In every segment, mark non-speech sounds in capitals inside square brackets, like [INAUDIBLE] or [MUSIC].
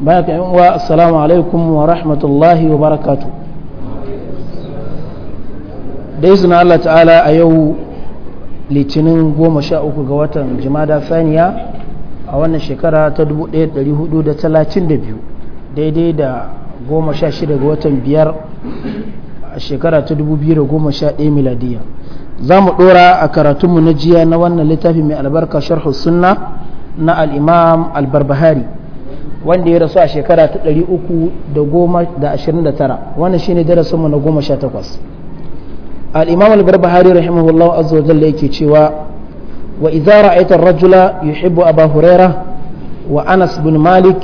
baya ka yan uwa assalamu alaikum wa rahmatullahi wa barakatu da izinin Allah ta'ala a yau litinin goma sha uku ga watan jimada saniya a wannan shekara ta 1432 daidai da goma sha shida ga watan biyar a shekara ta 2011 miladiya za mu ɗora a karatunmu na jiya na wannan littafi mai albarka sharhu sunna na al'imam albarbahari wanda ya rasu a shekara ta ɗari uku da da da goma ashirin tara wannan shine darasin mu na sha takwas imam al-barbahari rahimahullah azawajal da yake cewa wa idza ra'aita rajula yuhibbu aba hurairah wa anas bin malik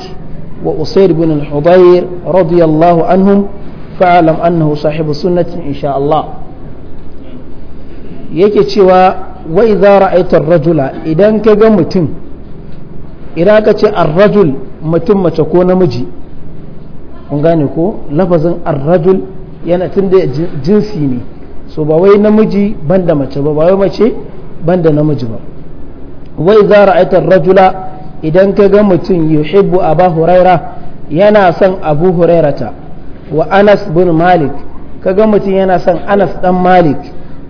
wa usair bin al-hudayr radiyallahu anhum fa'lam annahu sahibu sunnati insha Allah yake cewa wa idza ra'aita rajula idan ga mutum idan ka ce arrajul mutum mace ko namiji kun gane ko lafazin arrajul yana tun da jinsi ne so ba wai namiji banda mace ba ba wai mace banda namiji ba wai za ra'aita rajula idan ka ga mutum yuhibbu aba huraira yana son abu hurairata wa anas bin malik ka ga mutum yana son anas dan malik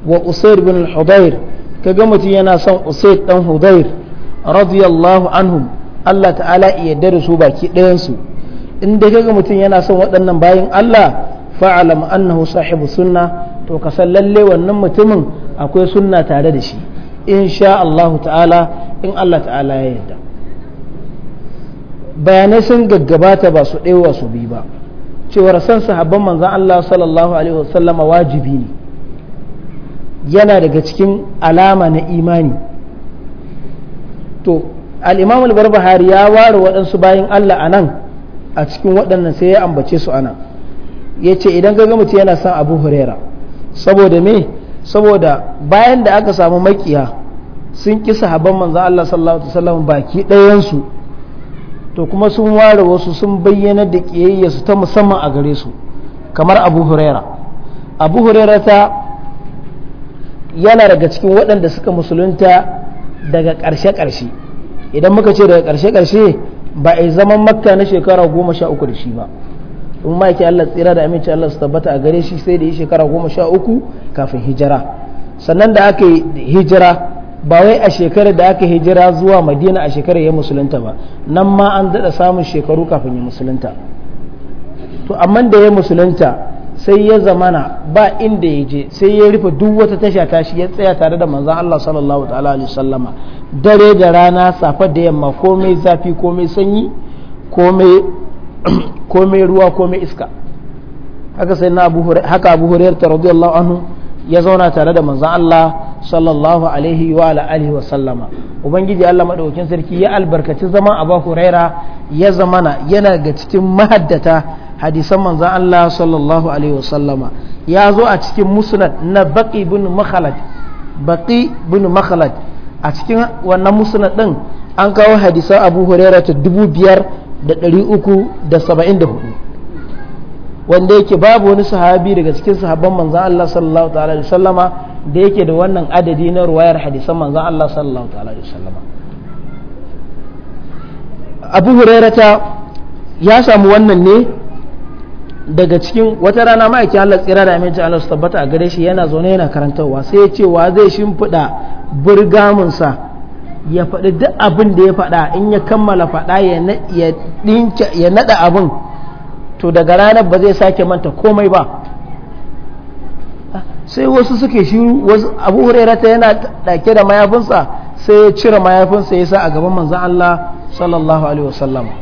wa usair bin hudair ka ga mutum yana son usair dan hudair. radiyallahu anhum Allah ta'ala iya dare su baki ɗayansu in da kaga mutum yana son waɗannan bayin Allah fa'alam annahu sahibu sunna to ka san lalle wannan mutumin akwai sunna tare da shi insha Allah ta'ala in Allah ta'ala ya yarda bayanai sun gaggabata ba su ɗewa su bi ba cewar san sahabban manzon Allah sallallahu alaihi wasallama wajibi ne yana daga cikin alama na imani to al-imam al-barbahari ya ware waɗansu bayan Allah a nan a cikin waɗannan sai ya ambace su ana Yace ce idan ga mutum yana son abu huraira saboda me saboda bayan da aka samu makiya sun ki sahaban manzo Allah sallallahu alaihi wasallam baki ɗayansu to kuma sun ware wasu sun bayyana da su ta musamman a gare su kamar abu huraira abu ta yana daga cikin waɗanda suka musulunta daga ƙarshe-ƙarshe idan muka ce daga ƙarshe-ƙarshe ba a zaman makka na shekara goma sha uku da shi ba in ma yake Allah tsira da aminci Allah su tabbata a gare shi sai da yi shekara goma sha uku kafin hijira sannan da aka yi hijira ba wai a shekarar da aka hijira zuwa madina a shekarar ya musulunta ba nan ma an daɗa samun shekaru kafin ya musulunta to amma da ya musulunta sai ya zamana ba inda ya je sai ya rufe duk wata tasha tashi ya tsaya tare da manzon Allah sallallahu ta'ala alaihi sallama dare da rana safa da yamma komai zafi komai sanyi komai [CLEARS THROAT] komai ruwa komai iska haka sai na abu haka abu hurairah radiyallahu anhu ya zauna tare da manzon Allah sallallahu alaihi wa ala alihi wa sallama ubangiji Allah madaukakin sarki ya albarkaci zama Abu Huraira ya zamana yana ga cikin mahaddata hadisan manzan Allah sallallahu alaihi wasallama ya zo a cikin musnad na baqi bin makhalad baqi bin makhalad a cikin wannan musnad din an kawo hadisan Abu Hurairah ta hudu. wanda yake babu wani sahabi daga cikin sahabban manzan Allah sallallahu ta'ala alaihi sallama da yake da wannan adadi na ruwayar hadisan manzan Allah sallallahu ta'ala alaihi sallama Abu Hurairata ya samu wannan ne daga cikin wata rana ma'aiki Allah tsira da aminci Allah su tabbata a gare shi yana zaune yana karantarwa sai ya ce wa zai shimfiɗa burgamunsa ya faɗi duk abin da ya faɗa in ya kammala faɗa ya naɗa abin to daga ranar ba zai sake manta komai ba sai wasu suke shi wasu abu hurairata yana ɗake da mayafinsa sai ya cire mayafinsa ya sa a gaban manzan Allah sallallahu alaihi wasallam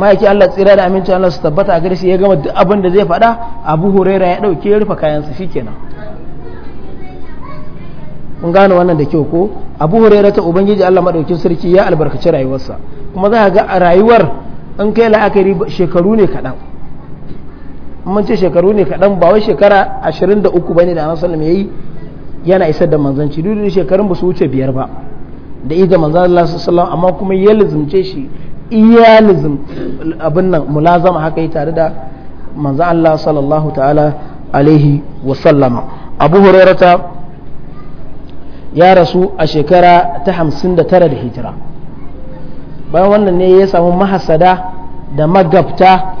ma'aiki Allah tsira da amincin Allah su tabbata a gare shi ya gama duk abin da zai faɗa Abu Huraira ya ɗauke ya rufe kayansa shikenan kun gane wannan da kyau ko Abu Huraira ta ubangiji Allah madaukin sarki ya albarkaci rayuwarsa kuma za ga rayuwar in kai la'akari shekaru ne kaɗan mun ce shekaru ne kaɗan ba wai shekara 23 bane da Annabi sallallahu alaihi yana isar da manzanci duk da shekarun ba su wuce biyar ba da ida manzan Allah sallallahu amma kuma ya lizumce shi iyalizm abin nan mulazama haka yi tare da manzo Allah sallallahu ta'ala alaihi wa sallama abu hurairata ya rasu a shekara ta hamsin da tara da hijira bayan wannan ne ya samu mahasada da magabta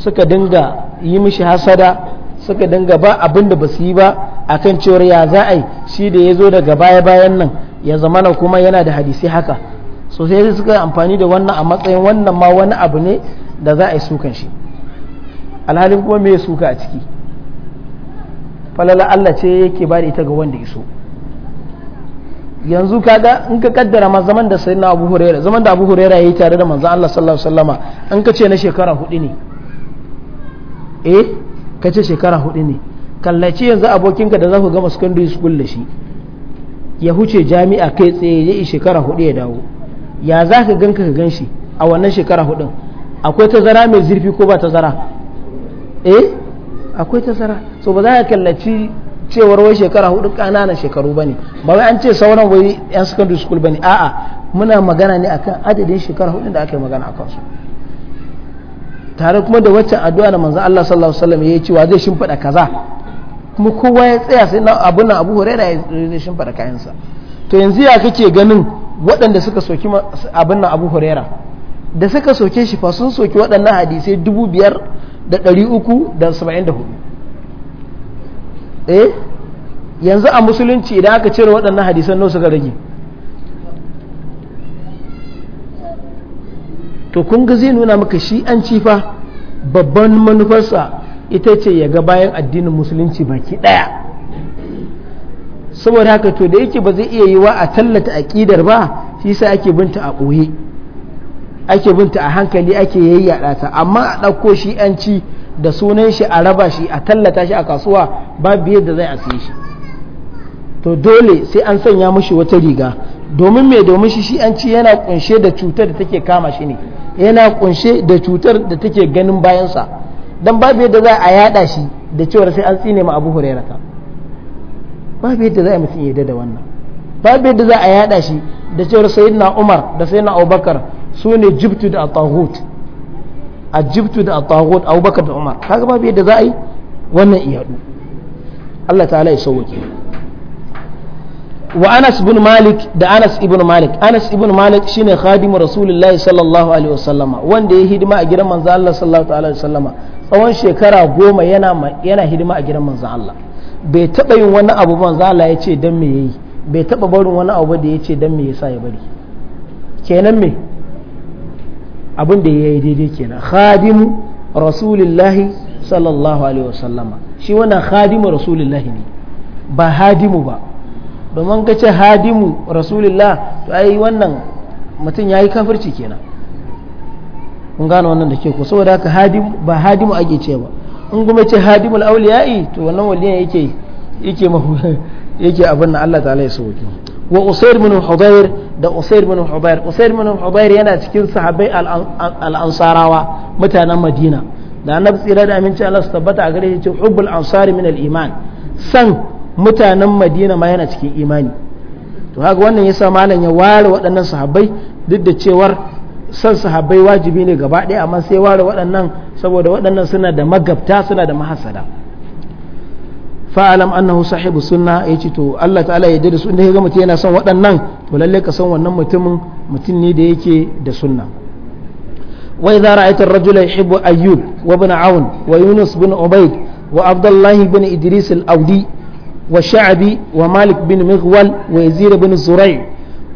suka dinga yi mishi hasada suka dinga ba abin da ba su yi ba akan cewar ya za a yi shi da ya zo daga baya-bayan nan ya zamana kuma yana da hadisi haka so sai suka amfani da wannan a matsayin wannan ma wani abu ne da za a yi sukan shi alhalin kuma me suka a ciki falala Allah ce yake ba da ita ga wanda ya so yanzu kaga in ka kaddara ma zaman da sayyidina Abu Huraira zaman da Abu Huraira yayi tare da manzon Allah sallallahu alaihi wasallama an ka ce na shekara hudu ne eh ka ce shekara hudu ne kallaci yanzu abokinka da za ku gama secondary school da shi ya huce jami'a kai tsaye ya yi shekara hudu ya dawo ya za ka gan ka gan shi a wannan shekara hudun akwai tazara mai zurfi ko ba tazara eh akwai tazara so ba za ka kallaci cewar wai shekara hudu ƙananan shekaru bane ba wai an ce sauran wai yan secondary school bane a'a muna magana ne akan adadin shekara hudun da aka yi magana akan su tare kuma da wacce addu'a da manzon Allah sallallahu alaihi wasallam yayi cewa zai shimfida kaza kuma kowa ya tsaya sai na abun nan Abu Hurairah ya zai shimfida kayansa to yanzu ya kake ganin waɗanda suka soki abin nan abu Hurera da suka soke shi fa sun soki waɗannan hadisai dubu biyar da ɗari uku da saba'in da hudu eh yanzu a musulunci idan aka cire waɗannan hadisan nau suka rage to kun ga zai nuna maka shi an cifa babban manufarsa ita ce ya ga bayan addinin musulunci baki ɗaya saboda haka to da yake ba zai iya yi wa a tallata aƙidar ba shi sa ake binta a ɓoye ake binta a hankali ake yayyaɗa ta amma a ɗauko shi an ci da sunan shi a raba shi a tallata shi a kasuwa babu yadda zai a siye shi to dole sai an sanya mashi wata riga domin mai domin shi shi an ci yana kunshe da cutar da take kama shi ne yana kunshe da cutar da take ganin bayansa dan babu yadda za a yada shi da cewa sai an tsine ma abu hurairata babu yadda za a mutum yadda da wannan babu yadda za a yada shi da cewar na umar da na abubakar su ne jibtu da atahut a jibtu da atahut abubakar da umar kaga babu yadda za a yi wannan iyadu Allah ta'ala ya sauke wa Anas ibn Malik da Anas ibn Malik Anas ibn Malik shine khadimu Rasulullahi sallallahu alaihi wasallama wanda ya hidima a gidan manzo Allah sallallahu alaihi wasallama tsawon shekara goma yana yana hidima a gidan manzo Allah bai taɓa yin wani abu ban zala ya ce don me ya yi bai taɓa barin wani abu da ya ce don me ya sa ya bari kenan me abin da ya yi daidai kenan khadim rasulillahi sallallahu alaihi wasallama shi wannan khadim rasulillahi ne ba hadimu ba domin ka hadimu rasulillah to ai wannan mutum ya yi kafirci kenan kun gane wannan da ke ko saboda haka ba hadimu ake ce ba in kuma ce hadimul auliyai to wannan waliyan yake yake mahu yake abin nan Allah ta'ala ya soke wa usair bin hudair da usair bin hudair usair bin hudair yana cikin sahabbai al-ansarawa mutanen madina da annabi tsira da aminci Allah su tabbata a gare shi hubbul ansari min al-iman san mutanen madina ma yana cikin imani to haka wannan yasa malam ya ware waɗannan sahabbai duk da cewar san sahabbai wajibi ne gaba ɗaya amma sai ware waɗannan saboda waɗannan suna da magabta suna da mahasada fa'alam annahu sahibu sunna ya ce to Allah ta'ala ya da su inda ya ga mutum yana son waɗannan to lalle ka san wannan mutumin mutum ne da yake da sunna wa idza ra'aita ar-rajula yuhibbu ayyub wa ibn aun wa yunus bin ubayd wa abdullah bin idris al-audi wa sha'bi wa malik bin mighwal wa yazir bin zuray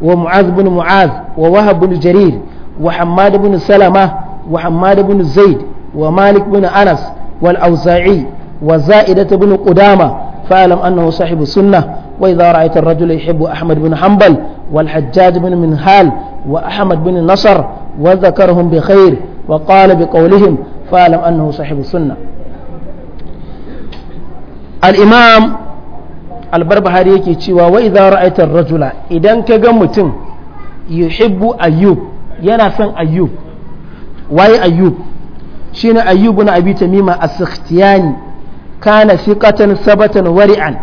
wa mu'adh bin mu'adh wa wahab bin jarir وحماد بن سلمة وحماد بن زيد ومالك بن أنس والأوزاعي وزائدة بن قدامة فاعلم أنه صاحب السنة وإذا رأيت الرجل يحب أحمد بن حنبل والحجاج بن منهال وأحمد بن نصر وذكرهم بخير وقال بقولهم فاعلم أنه صاحب السنة الإمام البربهاري يكي وإذا رأيت الرجل إذا كجمتم يحب أيوب yana son ayyub waye ayyub shine ayyub na abi tamima as sikhtiyani kana siqatan sabatan wari'an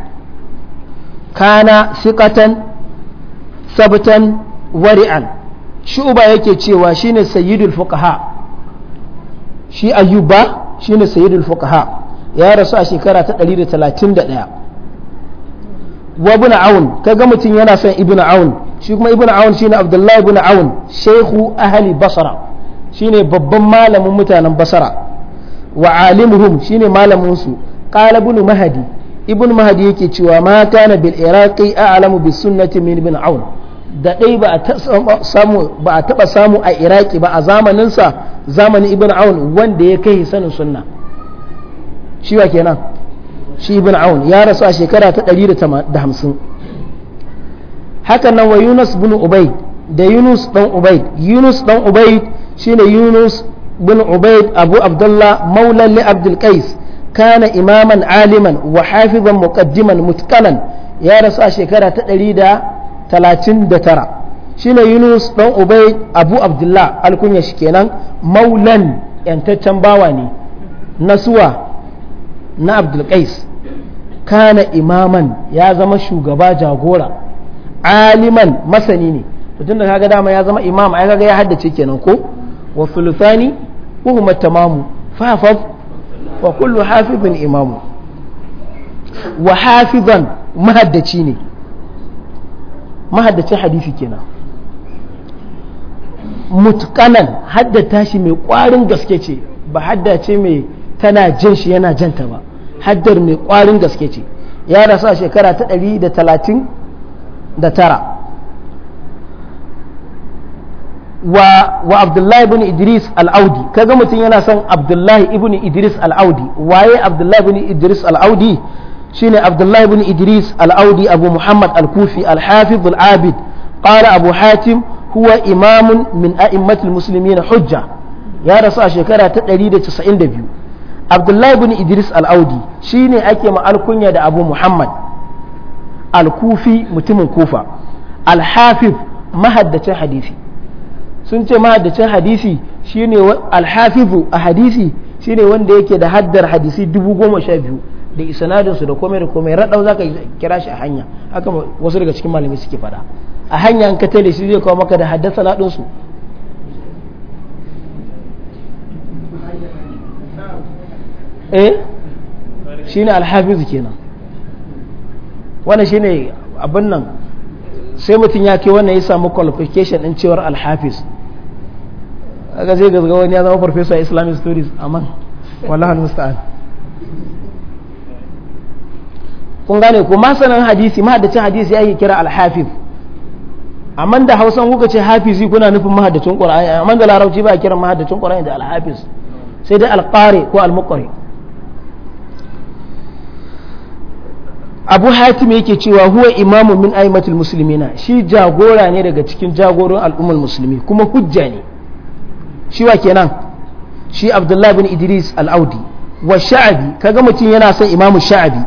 kana siqatan sabatan wari'an uba yake cewa shine sayyidul fuqaha shi ayyuba shine sayyidul fuqaha ya rasu a shekara ta 131 wa awun aun ga mutum yana son ibn aun shi kuma ibn aun shine abdullahi ibn aun shaykhu ahli basra shine babban malamin mutanen basra wa alimuhum shine malamin su qala ibn mahdi ibn mahdi yake cewa ma kana bil iraqi a'lamu bis sunnati min ibn aun da dai ba a samu ba a taba samu a iraki ba a zamanin sa zamanin ibn aun wanda ya kai sanin sunna shi wa kenan shi ibn aun ya rasu a shekara ta 150 haka nan wa yunus bin ubaid da yunus dan ubaid yunus dan ubaid shine yunus bin ubaid abu abdullah maula li abdul qais kana imaman aliman wa hafizan muqaddiman mutqanan ya rasu a shekara ta 139 shine yunus dan ubaid abu abdullah alkunya shi kenan maulan yantaccen bawa ne na suwa na abdul qais kana imaman ya zama shugaba jagora aliman masani ne to tunda kaga dama ya zama imam ai kaga ya haddace kenan ko wa sulthani wa huma tamamu fa wa kullu hafizin imamu wa hafizan mahaddaci ne mahaddacin hadisi kenan mutkanan haddata shi mai kwarin gaske ce ba haddace mai tana jin shi yana janta ba haddar mai kwarin gaske ce ya rasu shekara ta 130 da tara wa abdullahi ibn idris al'audi kaga mutum yana son abdullahi ibn idris al'audi waye abdullahi ibn idris al'audi shine abdullahi ibn idris al'audi abu muhammad al-kufi al-hafiz al-abid qala abu hatim huwa imamun min a'immatil muslimin hujja ya rasu a shekara ta 192 abdullahi ibn idris al'audi shine ake ma alkunya da abu muhammad al-kufi mutumin kufa al-hafiz mahaddacin hadisi sun ce mahaddacin hadisi shine al-hafizu a hadisi shine wanda yake da haddar hadisi dubu goma sha biyu da isanadinsu da komai da komai raɗau za kira shi a hanya haka wasu daga cikin malamai suke fada a hanya an ka tare shi zai kawo maka da haddasa su eh shine alhafizu kenan wani shine abin nan sai mutum ya ke wannan ya samu qualification ɗin cewar alhafiz aka zai gazga wani ya zama professor islamic studies aman wallahi musta'an kun gane ko masanin hadisi mahaddacin hadisi yi kira alhafiz amma da hausan kuka ce hafizi kuna nufin mahaddacin qur'ani amma da larabci ba kira mahaddacin qur'ani da alhafis sai dai alqari ko almuqri abu hatim yake cewa huwa imamu min aimatul muslimina shi jagora ne daga cikin jagoron al'ummar musulmi kuma hujja ne shi wa kenan shi abdullahi bin idris al'audi wa sha'abi kaga mutum yana son imamu sha'abi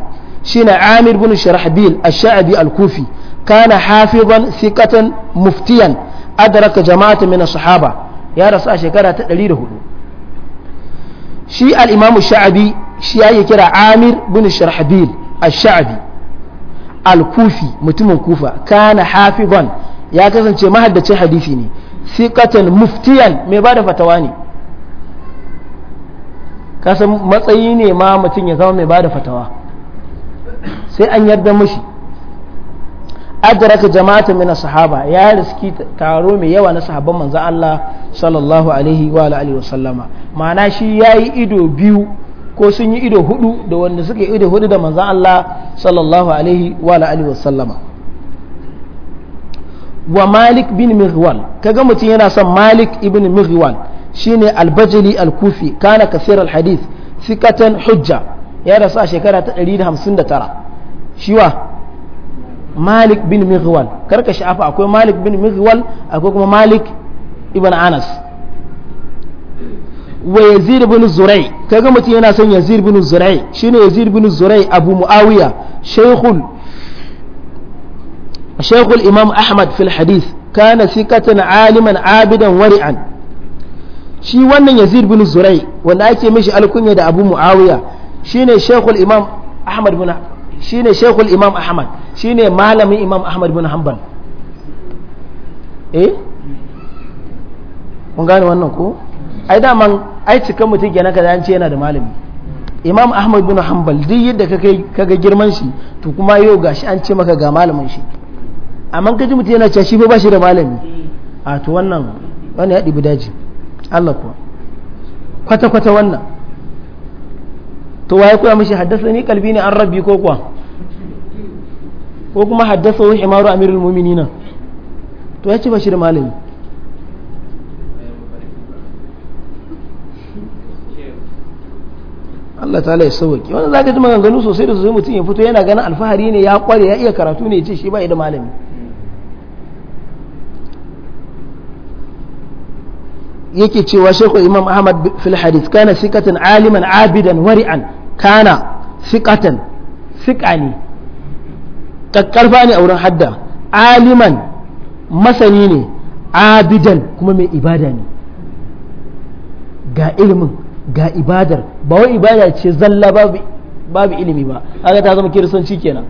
shine amir bin sharhabil a shaabi al-kufi kana hafizan thiqatan muftiyan adraka jama'atan min sahaba ya rasu a shekara ta 104 shi al-imamu sha'abi shi yake kira amir bin sharhabil ash al-kufi mutumin kufa kana hafizan ya kasance mahaddacin hadisi ne siqatan muftiyan mai bada fatawa ne kasan matsayi ne ma mutum ya zama mai bada fatawa sai an yarda mashi adraka jama'ata mina sahaba ya riski taro mai yawa na sahabban manzo Allah sallallahu alaihi wa alihi wa sallama ma'ana shi yayi ido biyu ko sun yi ido hudu da wanda suka yi ido hudu da manzan Allah sallallahu alaihi wa alihi wasallama wa malik bin ka kaga mutum yana son malik ibn mihwal shine albajali alkufi kana kasir alhadith sikatan hujja ya rasu a shekara ta 159 shiwa malik bin mihwal karka shafa akwai malik bin mihwal akwai kuma malik ibn anas wa yazid ibn zurai kaga mutum yana son yazid ibn zurai shine yazid ibn zurai abu muawiya shaykhul shaykhul imam ahmad fil hadith kana aliman abidan wari'an shi wannan yazid ibn zurai wanda ake mishi alkunya da abu muawiya shine shaykhul imam ahmad ibn shine shaykhul imam ahmad shine malamin imam ahmad ibn hanbal eh kun gane wannan ko ai daman ai cikan mutum kenan kaza an ce yana da malami imam ahmad bin hanbal duk yadda ka kaga girman shi to kuma yau gashi an ce maka ga malamin shi amma ka ji mutum yana cewa shi ba shi da malami a to wannan wani ya ɗibi daji Allah kuwa kwata kwata wannan to waye koya mishi haddasa ni kalbi ne an rabbi ko kuwa ko kuma haddasa wa himaru amirul mu'minina to ya ce ba shi da malami Allah ta'ala ya sauke wannan zaka ji maganganu sosai da sosai mutum ya fito yana ganin alfahari ne ya kware ya iya karatu ne ya ce shi ba da malami yake cewa shekul imam ahmad fil hadith kana sikatan aliman abidan wari'an kana sikatan sika ne kakkarfa ne a wurin hadda aliman masani ne abidan kuma mai ibada ne ga ilimin ga ibadar ba wai ibada ce zalla babu ilimi ba haka ta zama kiristanci kenan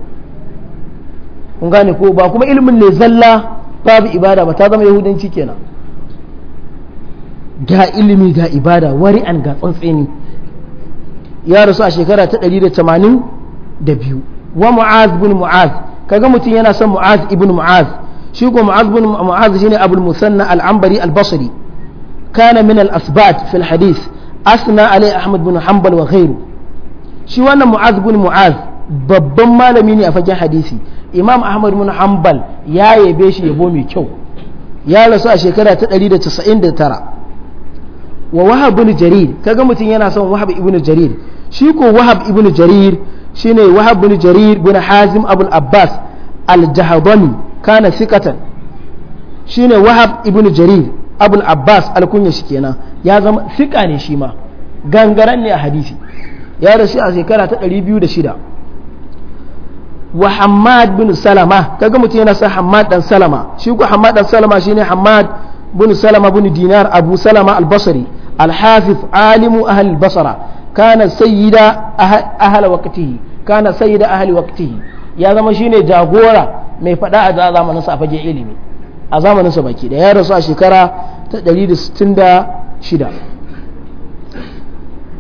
kun gane ko ba kuma ilimin ne zalla babu ibada ba ta zama yahudanci kenan ga ilimi ga ibada wari an ga tsantseni ya rasu a shekara ta 182 wa mu'az bin mu'az kaga mutum yana son mu'az ibn mu'az shi ko mu'az bin mu'az shine abul musanna al-ambari al-basri kana min al-asbat fil hadith asna alai ahmad bin hanbal wa ghairu shi wannan mu'az bin mu'az babban malami ne a fagen hadisi imam ahmad bin hanbal ya yabe shi yabo mai kyau ya rasu a shekara ta 199 wa wahab bin jarir kaga mutum yana son wahab ibn jarir shi ko wahab ibn jarir shine wahab bin jarir bin hazim abul abbas al kana sikatan shine wahab ibn jarir abul abbas alkunya shi kenan ya zama fiƙa ne shi ma gangaren ne a hadisi ya rasu a shekara ta 206 wa hamad bin salama kaga mutum yana sa hamad dan salama shi ko hamad dan salama shine hamad bin salama bin dinar abu salama albasari basri alimu ahli al-basra kana sayyida ahli waqtihi kana sayyida ahli waqtihi ya zama shine jagora mai fada a zamanin sa fage ilimi a zamanin sa baki da ya rasu a shekara ta 166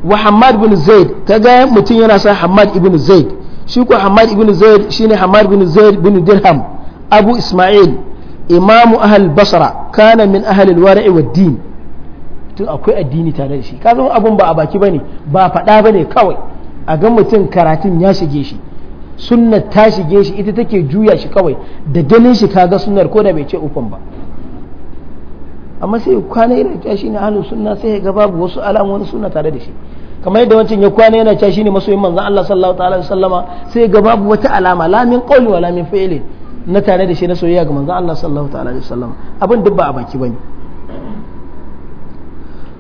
wa Hamad bin Zaid ga mutum yana sa Hamad ibn Zaid shi ko Hamad ibn Zaid shine Hamad bin Zaid bin Dirham Abu Ismail imamu ahal basra kana min ahal wara'i wa din to akwai addini tare da shi ka zama abun ba a baki bane ba faɗa bane kawai a ga mutum karatun ya shige shi sunnar ta shige shi ita take juya shi kawai da ganin shi kaga sunnar ko da bai ce ufan ba amma sai kwana yana ta shi ne ahlus sunna sai ya ga babu wasu alamomin sunna tare da shi kamar yadda wancan ya kwana yana ta shi ne masoyin manzon Allah sallallahu ta'ala alaihi wasallama sai ya ga babu wata alama la min qawli wala min fi'lin na tare da shi na soyayya ga manzon Allah sallallahu ta'ala alaihi wasallama abin duk ba a baki bane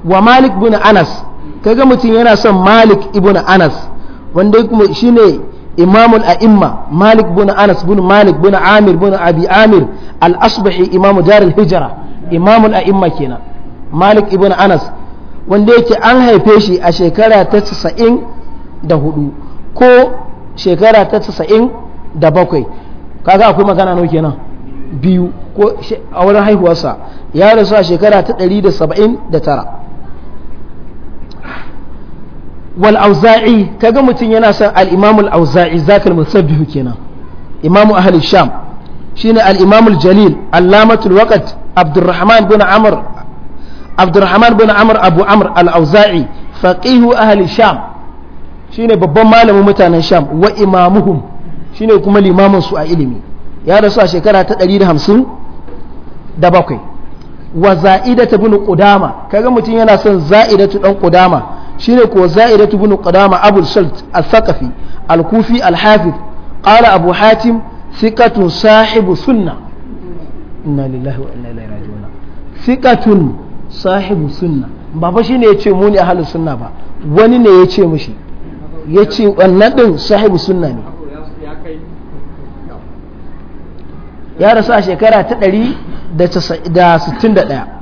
wa Malik ibn Anas kaga mutum yana son Malik ibn Anas wanda kuma shine imamul a'imma malik bin anas bin malik bin amir bin abi amir al-asbahi imamu darul hijra imamul a'imma kenan malik ibn anas wanda yake an haife shi a shekara ta 94 ko shekara ta 97 kaga akwai magana nau kenan biyu ko a wurin haihuwarsa ya rasu a shekara ta da da tara. wal auza'i kaga mutum yana son al-imam al-auza'i zakal kenan imamu ahli al-imam al-jalil allamatul waqt abdurrahman bin amr abdurrahman bin amr abu amr al-auza'i faqihu ahli sham shine babban malamin mutanen sham wa imamuhum shine kuma limamin su a ilimi ya rasu a shekara ta ɗari 157 wa za'idatu bin qudama kaga mutum yana son za'idatu ɗan ƙudama. shine ko za'idat ibn qadama abu salt al-thaqafi al-kufi al-hafiz qala abu hatim thiqatun sahibu sunna inna lillahi wa inna ilaihi raji'un thiqatun sahibu ba fa shine yace mu ne ahlus sunna ba wani ne yace mishi yace wannan din sahibu sunna ne ya rasu a shekara ta 161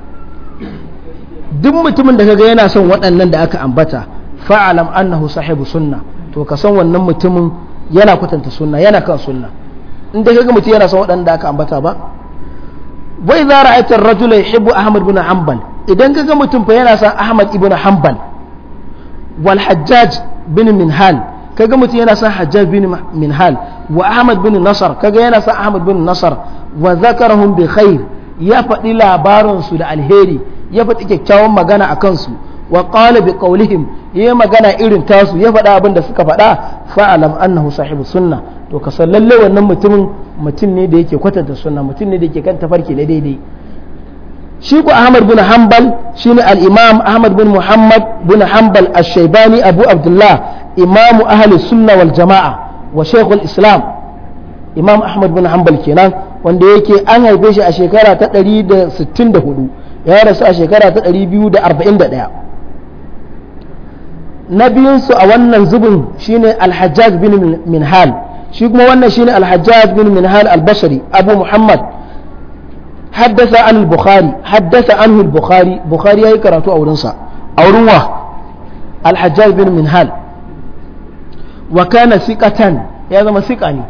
duk mutumin da kaga yana son waɗannan da aka ambata fa'alam annahu sahibu sunna to ka san wannan mutumin yana kwatanta sunna yana kan sunna in da kaga mutum yana son waɗannan da aka ambata ba wa idza ra'aita ar-rajula yuhibbu ahmad ibn hanbal idan kaga mutum fa yana son ahmad ibn hanbal wal hajjaj bin minhal kaga mutum yana son hajjaj bin minhal wa ahmad bin nasar kaga yana son ahmad bin nasar wa zakarahum bi khair ya faɗi labarinsu da alheri ya faɗi kyakkyawan magana a kansu wa qala bi ya yi magana irin tasu ya faɗa abin da suka faɗa fa'alam annahu sahibu sunna to ka san lalle wannan mutumin mutum ne da yake kwatanta sunna mutum ne da yake kan tafarki na daidai shi ku Ahmad bin Hanbal shine al-Imam Ahmad bin Muhammad bin Hanbal ash-Shaybani Abu Abdullah Imam ahli sunna wal jama'a wa Sheikhul Islam Imam Ahmad bin Hanbal kenan wanda yake an haife shi a shekara ta 164 ya rasu a shekara ta 241 na biyunsu a wannan zubin shine alhajjaj bin minhal shi kuma wannan shine alhajjaj bin minhal albashari abu muhammad haddasa an al-bukhari haddasa an al-bukhari ya yayi karatu a wurinsa a wurin wa alhajjaj bin minhal wa kana siqatan ya zama siqa ne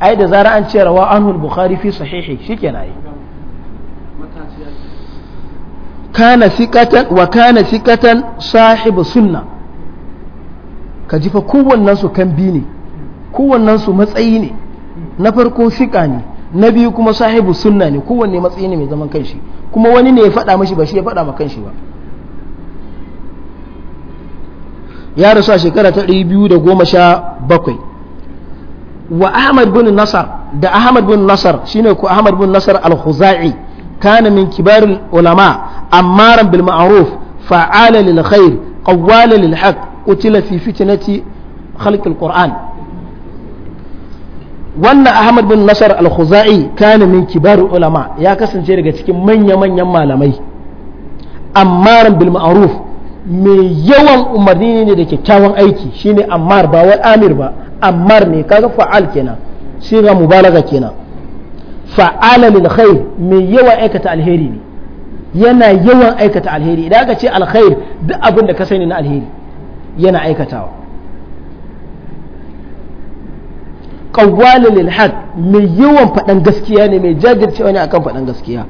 ai da zara an ce rawa an bukhari fi sahihi shikenan ai kana thiqatan wa kana thiqatan sahibu sunna ka jifa fa kowannen su kan bi ne kowannen su matsayi ne na farko thiqa ne na biyu kuma sahibu sunna ne kowanne matsayi ne mai zaman kanshi kuma wani ne ya faɗa mashi ba shi ya faɗa ma kanshi ba ya rasu a shekara ta 217 wa ahmad bin nasar da ahmad bin nasar shine ko ahmad bin nasar al-khuzai kana min kibarul ulama عمارا بالمعروف فعالا للخير قوالا للحق قتل في فتنة خلق القرآن wannan ahmad bin nasar al-khuzai kana min kibar ulama ya kasance daga cikin manya-manyan malamai ammaran bil ma'ruf mai yawan umarni ne da kyakkyawan aiki shine ammar ba wai amir ba ammar ne kaga fa'al kenan siga mubalaga kenan fa'ala lil khair mai yawan aikata alheri ne yana yawan aikata alheri idan aka ce alkhair duk abin da ka sani na alheri yana aikatawa qawwalul haq mai yawan faɗan gaskiya ne mai jajircewa ne akan faɗan gaskiya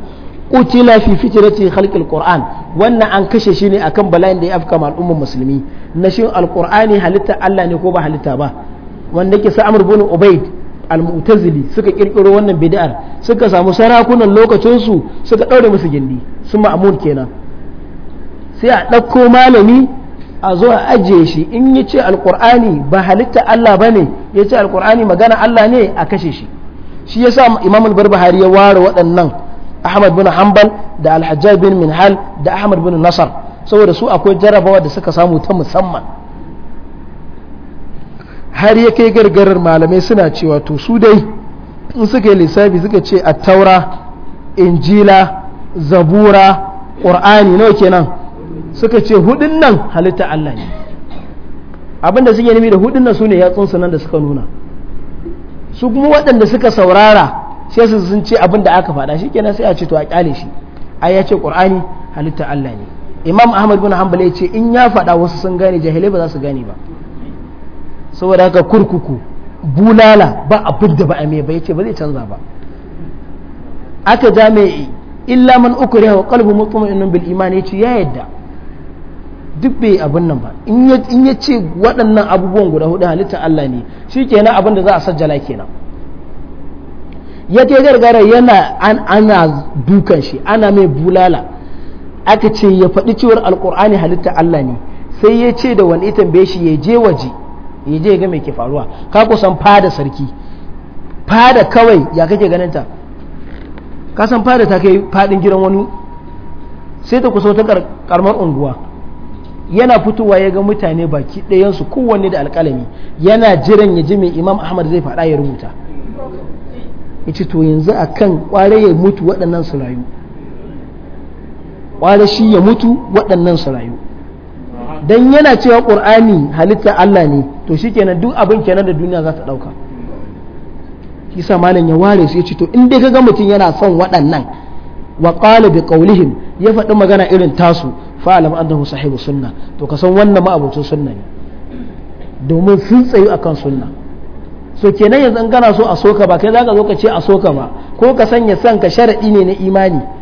qutila fi fitrati khalqil qur'an wannan an kashe shi ne akan bala'in da ya afka ma al'ummar musulmi na shin alqur'ani halitta Allah ne ko ba halitta ba wanda ke sa amr ubaid al-mu'tazili suka kirkiro wannan bid'ar suka samu sarakunan lokacinsu suka ɗaure musu gindi su ma'amun kenan sai a ɗauko malami a zo a ajiye shi in ya ce alkur'ani ba halitta Allah ba ne ya ce alkur'ani magana Allah ne a kashe shi shi ya sa imam barbahari ya ware waɗannan ahmad bin hanbal da alhajjaj bin minhal da ahmad bin nasar saboda su akwai jarabawa da suka samu ta musamman har ya kai gargarar malamai suna cewa to su dai in suka yi lissafi suka ce a taura injila zabura ƙur'ani nawa kenan suka ce hudun nan halitta Allah ne abinda suke nufi da hudun nan su ne yatsunsu nan da suka nuna su kuma waɗanda suka saurara sai su sun ce abin da aka faɗa shi kenan sai a ce to a kyale shi a ya ce ƙurani halitta Allah ne imam ahmad bin hanbal ya ce in ya faɗa wasu sun gane jahilai ba za su gane ba saboda haka kurkuku bulala ba abin da ba a mai ba yace ba zai canza ba aka ja mai illa man ukriha wa qalbu mutma'innun bil iman yace ya yadda duk bai abin nan ba in ya ce waɗannan abubuwan guda hudu halittar Allah ne shi kenan abin da za a sajjala kenan ya ke gargara yana ana dukan shi ana mai bulala aka ce ya faɗi cewar alƙur'ani halitta Allah ne sai ya ce da wani tambaye shi ya je waje ya je ga me ke faruwa ka kusan fada sarki fada kawai ya kake ganin ka san fada ta kai fadin gidan wani sai ta kusa wata karamar unguwa yana fitowa ya ga mutane baki ɗayansu kowanne da alƙalami yana jiran ya ji mai imam ahmad zai faɗa ya rubuta yace to yanzu a kan ƙware ya mutu waɗannan ya mutu waɗannan su rayu dan yana cewa qur'ani halitta Allah ne to shikenan duk abin kenan da duniya za ta dauka kisa malam ya ware su yace to in dai kaga mutum yana son waɗannan wa qala bi qawlihim ya faɗi magana irin tasu fa alam annahu sahibu sunna to ka san wannan ma sunna ne domin sun tsayu akan sunna so kenan yanzu an gana so a soka ba kai zaka zo ka ce a soka ba ko ka sanya san ka sharadi ne na imani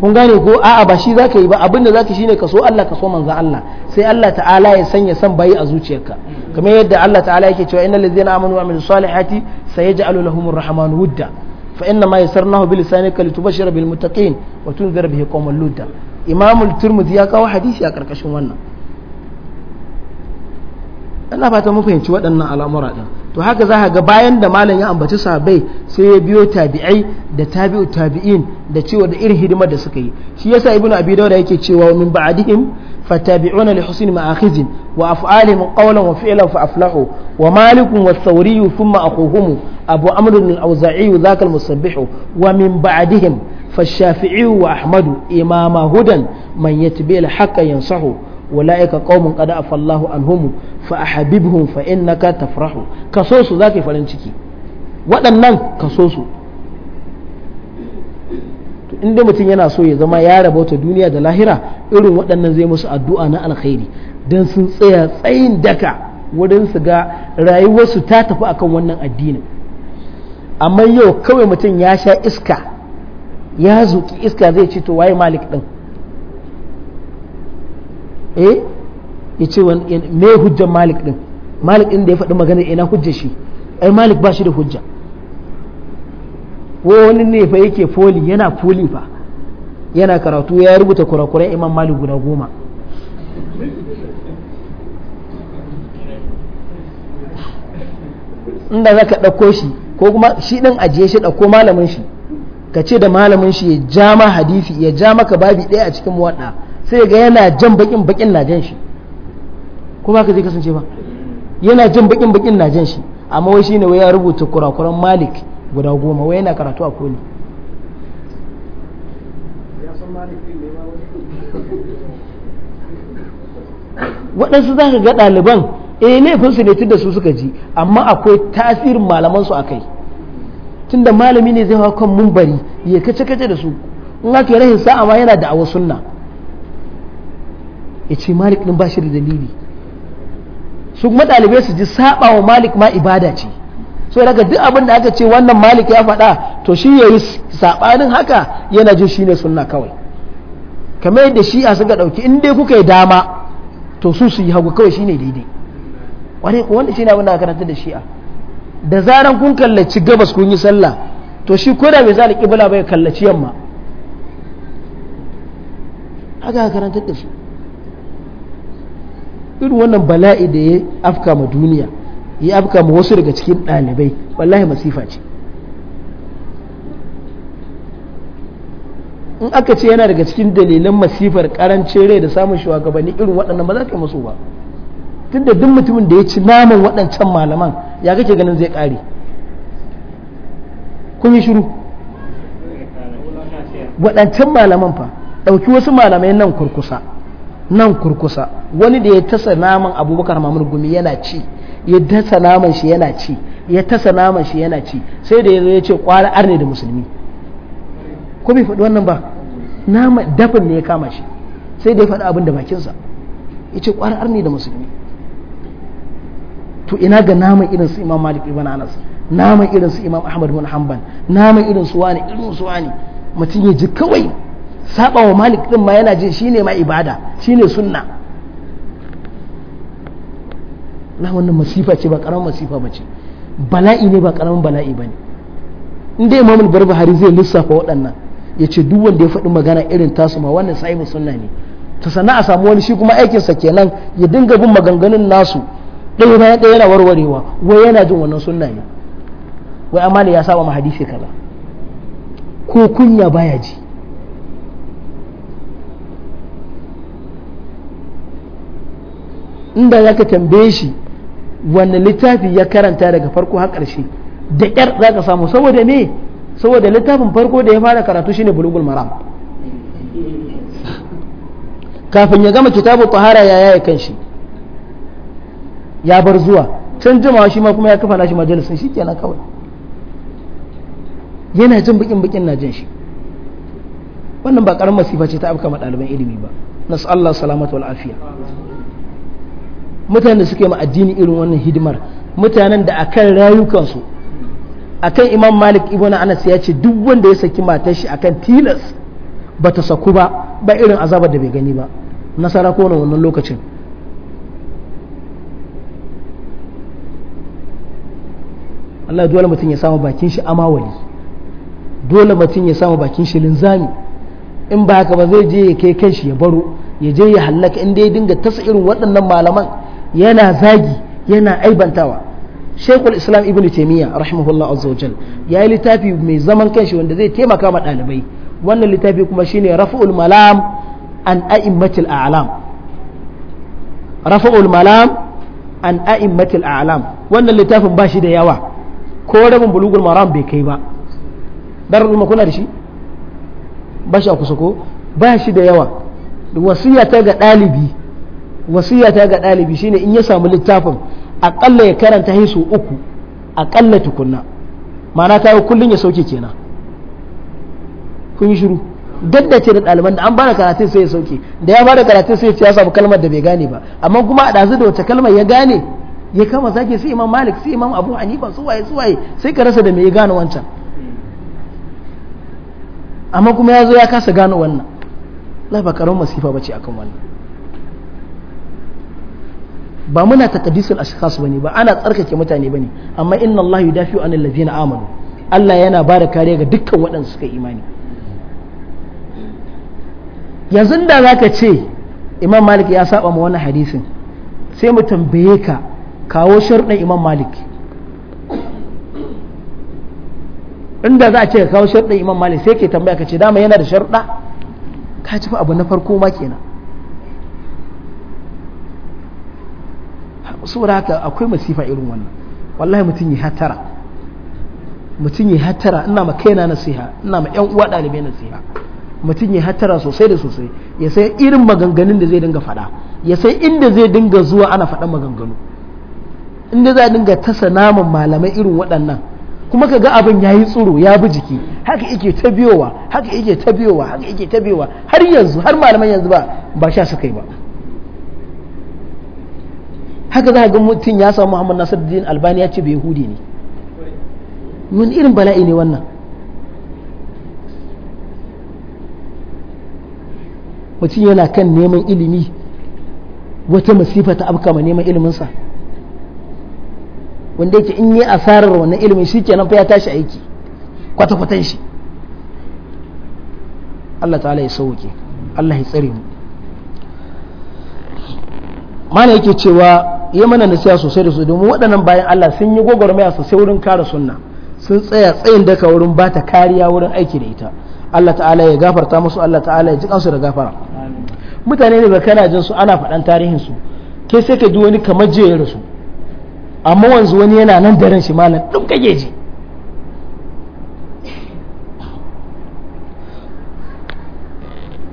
kun gane ko a'a ba shi zaka yi ba abinda zaka shine ka so Allah ka so manzo Allah sai Allah ta'ala ya sanya san bayi a zuciyarka kamar yadda Allah ta'ala yake cewa innal ladzina amanu wa amilus salihati sayaj'alu lahumur rahman wudda fa inna ma yassarnahu bi lisanika litubashshira bil muttaqin wa tunzira bihi qauman ludda imam al-tirmidhi ya kawo hadisi a karkashin wannan ina fata mun fahimci waɗannan al'amura din to haka za ga bayan da malam ya ambaci sahabbai sai ya biyo tabi'ai da tabi'u tabi'in da cewa da irin hidimar da suka yi shi yasa ibnu abi dawud yake cewa min ba'dihim fatabi'una li husni ma'akhizin wa af'alihim qawlan wa fi'lan fa aflahu wa malikun was-sawri thumma aquhum abu amr al-awza'i dhaka al-musabbihu wa min ba'dihim فالشافعي وأحمد إمام هدى من يتبع الحق ينصحه ulaika qaumun qad afallahu anhum fa ahbibhum fa innaka tafrahu kaso su zaka farin ciki waɗannan inda mutum yana so ya zama ya raba wata duniya da lahira irin waɗannan zai musu addu'a na alkhairi don sun tsaya tsayin daka wurin su ga rayuwarsu ta tafi akan wannan addinin amma yau kawai mutum ya sha iska ya zuki iska zai ce to waye malik ɗin eh ya ce me hujjar malik din malik din da ya faɗi magana ina hujjar shi ai malik ba shi da hujja wani ne fa yake foli yana foli fa yana karatu ya rubuta kurakuran imam malik guda goma inda za ka ɗauko shi ko kuma shi ɗin ajiye shi ɗauko malamin shi kace da malamin shi ya ja ma hadisi ya ja maka babi ɗaya a cikin waɗa sai ga yana jan bakin bakin na jan shi kuma haka zai kasance ba yana jan bakin bakin na jan shi amma wai shine wai ya rubuta kurakuran malik guda goma wai yana karatu a koli waɗansu za ka ga ɗaliban eh su ne tun da su suka ji amma akwai tasirin malamansu a kai tun da malami ne zai hawa kan mumbari ya kace kace da su in aka yi rahin sa'a ma yana da awa sunna ya ce malik ɗin ba shi da dalili su kuma ɗalibai su ji saɓa wa malik ma ibada ce so daga duk abin da aka ce wannan malik ya faɗa to shi ya yi saɓanin haka yana jin shi ne sunna kawai kamar yadda shi a suka ɗauki in dai kuka yi dama to su su yi hagu kawai shi ne daidai wani wanda shi ne abin da aka karanta da shi'a da zaran kun kallaci gabas kun yi sallah to shi ko da bai zali kibla bai kallaci yamma haka karanta da su irin wannan bala'i da ya afka ma duniya ya afka ma wasu daga cikin ɗalibai wallahi masifa ce in aka ce yana daga cikin dalilan masifar karancin rai da samun shugabanni irin waɗannan ba za ka musu ba tunda duk mutumin da ya ci naman waɗancan malaman ya kake ganin zai ƙare kun yi shiru waɗancan malaman fa ɗauki wasu malamai nan kurkusa nan kurkusa wani da ya tasa naman abubakar mamur gumi yana ci ya tasa naman shi yana ci ya tasa naman shi yana ci sai da ya ce kwara arne da musulmi ko bai faɗi wannan ba nama dafin ne ya kama shi sai da ya faɗi abin da bakinsa ya ce kwara arne da musulmi to ina ga naman irin su imam malik ibn anas naman irin su imam ahmad bin hanbal naman irin su wani irin su wani mutum ya ji kawai saba wa malik din ma yana jin shine ma ibada shine sunna na wannan masifa ce ba karamin masifa ba ce bala'i ne ba karamin bala'i ba ne inda barba barbahari zai lissafa waɗannan ya ce duk wanda ya faɗi magana irin tasu ma wannan sahibu sunna ne ta sana a samu wani shi kuma aikinsa kenan ya dinga bin maganganun nasu ɗaya bayan ɗaya yana warwarewa wai yana jin wannan sunna ne wai amma ya saba ma hadisi kaza ko kunya baya ji inda ka tambaye shi wanne littafi ya karanta daga farko har ƙarshe da ƙyar ka samu saboda ne saboda littafin farko da ya fara karatu shine bulugul maram kafin ya gama kitabu tahara ya yaye shi ya bar zuwa can jimawa shi ma kuma ya kafa nashi majalisin shi kenan kawai yana jin bikin bikin na jin shi wannan ba karamar masifa ce ta afka ma ɗaliban ilimi ba nasu Allah salamatu wal afiya mutanen da suke ma addini irin wannan hidimar mutanen da akan rayukansu akan imam malik ibn anas ya ce duk wanda ya saki matar shi akan tilas ba ta saku ba ba irin azabar da bai gani ba nasara ko wannan lokacin Allah dole mutum ya samu bakin shi amawali dole mutum ya samu bakin shi linzami in ba haka ba zai je ya kai kanshi ya baro ya je ya hallaka in ya dinga tasa irin waɗannan malaman yana zagi yana aibantawa shekul islam ibn taimiyya rahimahullah azawajal ya yi littafi mai zaman kanshi wanda zai taimaka ma ɗalibai wannan littafi kuma shine rafuul malam an a'immatil a'lam rafuul malam an a'immatil a'lam wannan littafin ba shi da yawa ko rabin bulugul maram bai kai ba darul makuna da shi ba shi a kusa ko ba shi da yawa wasiya ta ga ɗalibi wasiyata ga ɗalibi shine in ya samu littafin aƙalla ya karanta hisu uku aƙalla tukunna ma'ana ta kullum ya sauke kenan kun yi shiru daddace da ɗaliban da an bada karatun sai ya sauke da ya bada karatun sai ya ce ya samu kalmar da bai gane ba amma kuma a ɗazu da wata kalmar ya gane ya kama zaki sai imam malik sai imam abu hanifa su waye su waye sai ka rasa da me ya gane wancan amma kuma ya zo ya kasa gane wannan la ba karamin masifa bace akan wannan ba muna taqdisul ashkhas bane ba ana tsarkake mutane bane amma inna Allah yudafi'u anil ladzina amanu Allah yana ba da kariya ga dukkan waɗanda suka imani yanzu da zaka ce Imam Malik ya saba ma wannan hadisin sai mu tambaye ka kawo sharɗin Imam Malik inda za a ce ka kawo sharɗin Imam Malik sai ke tambaya ka ce dama yana da sharɗa ka ci abu na farko ma kenan saboda haka akwai masifa irin wannan wallahi mutum yi hatara mutum yi hatara ina ma kaina nasiha ina ma yan uwa ɗalibai nasiha mutum ya hatara sosai da sosai ya sai irin maganganun da zai dinga faɗa ya sai inda zai dinga zuwa ana fada maganganu inda za a dinga tasa naman malamai irin waɗannan kuma ka ga abin ya yi tsoro ya bi jiki haka yake ta biyowa haka yake ta biyowa haka yake ta biyowa har yanzu har malaman yanzu ba ba sha suka yi ba haka za a ga mutum ya samu Muhammad Nasiruddin Albani ya ce bai Yahudi ne mun irin bala'i ne wannan mutum yana kan neman ilimi wata masifa ta afka ma neman iliminsa wanda yake in yi asarar wannan ilimin shi kenan fa ya tashi aiki kwata-kwatan shi Allah ta'ala ya sauke Allah ya tsare mu mana yake cewa yi mana nasiya sosai da su domin waɗannan bayan Allah sun yi gwagwarmaya sosai wurin kare sunna sun tsaya tsayin daka wurin ba ta kariya wurin aiki da ita Allah ta'ala ya gafarta musu Allah ta'ala ya ji kansu da gafara mutane ne ba kana jin su ana faɗan tarihin su ke sai ka ji wani kamar jiya rasu amma wanzu wani yana nan daren shi malam ɗin kage ji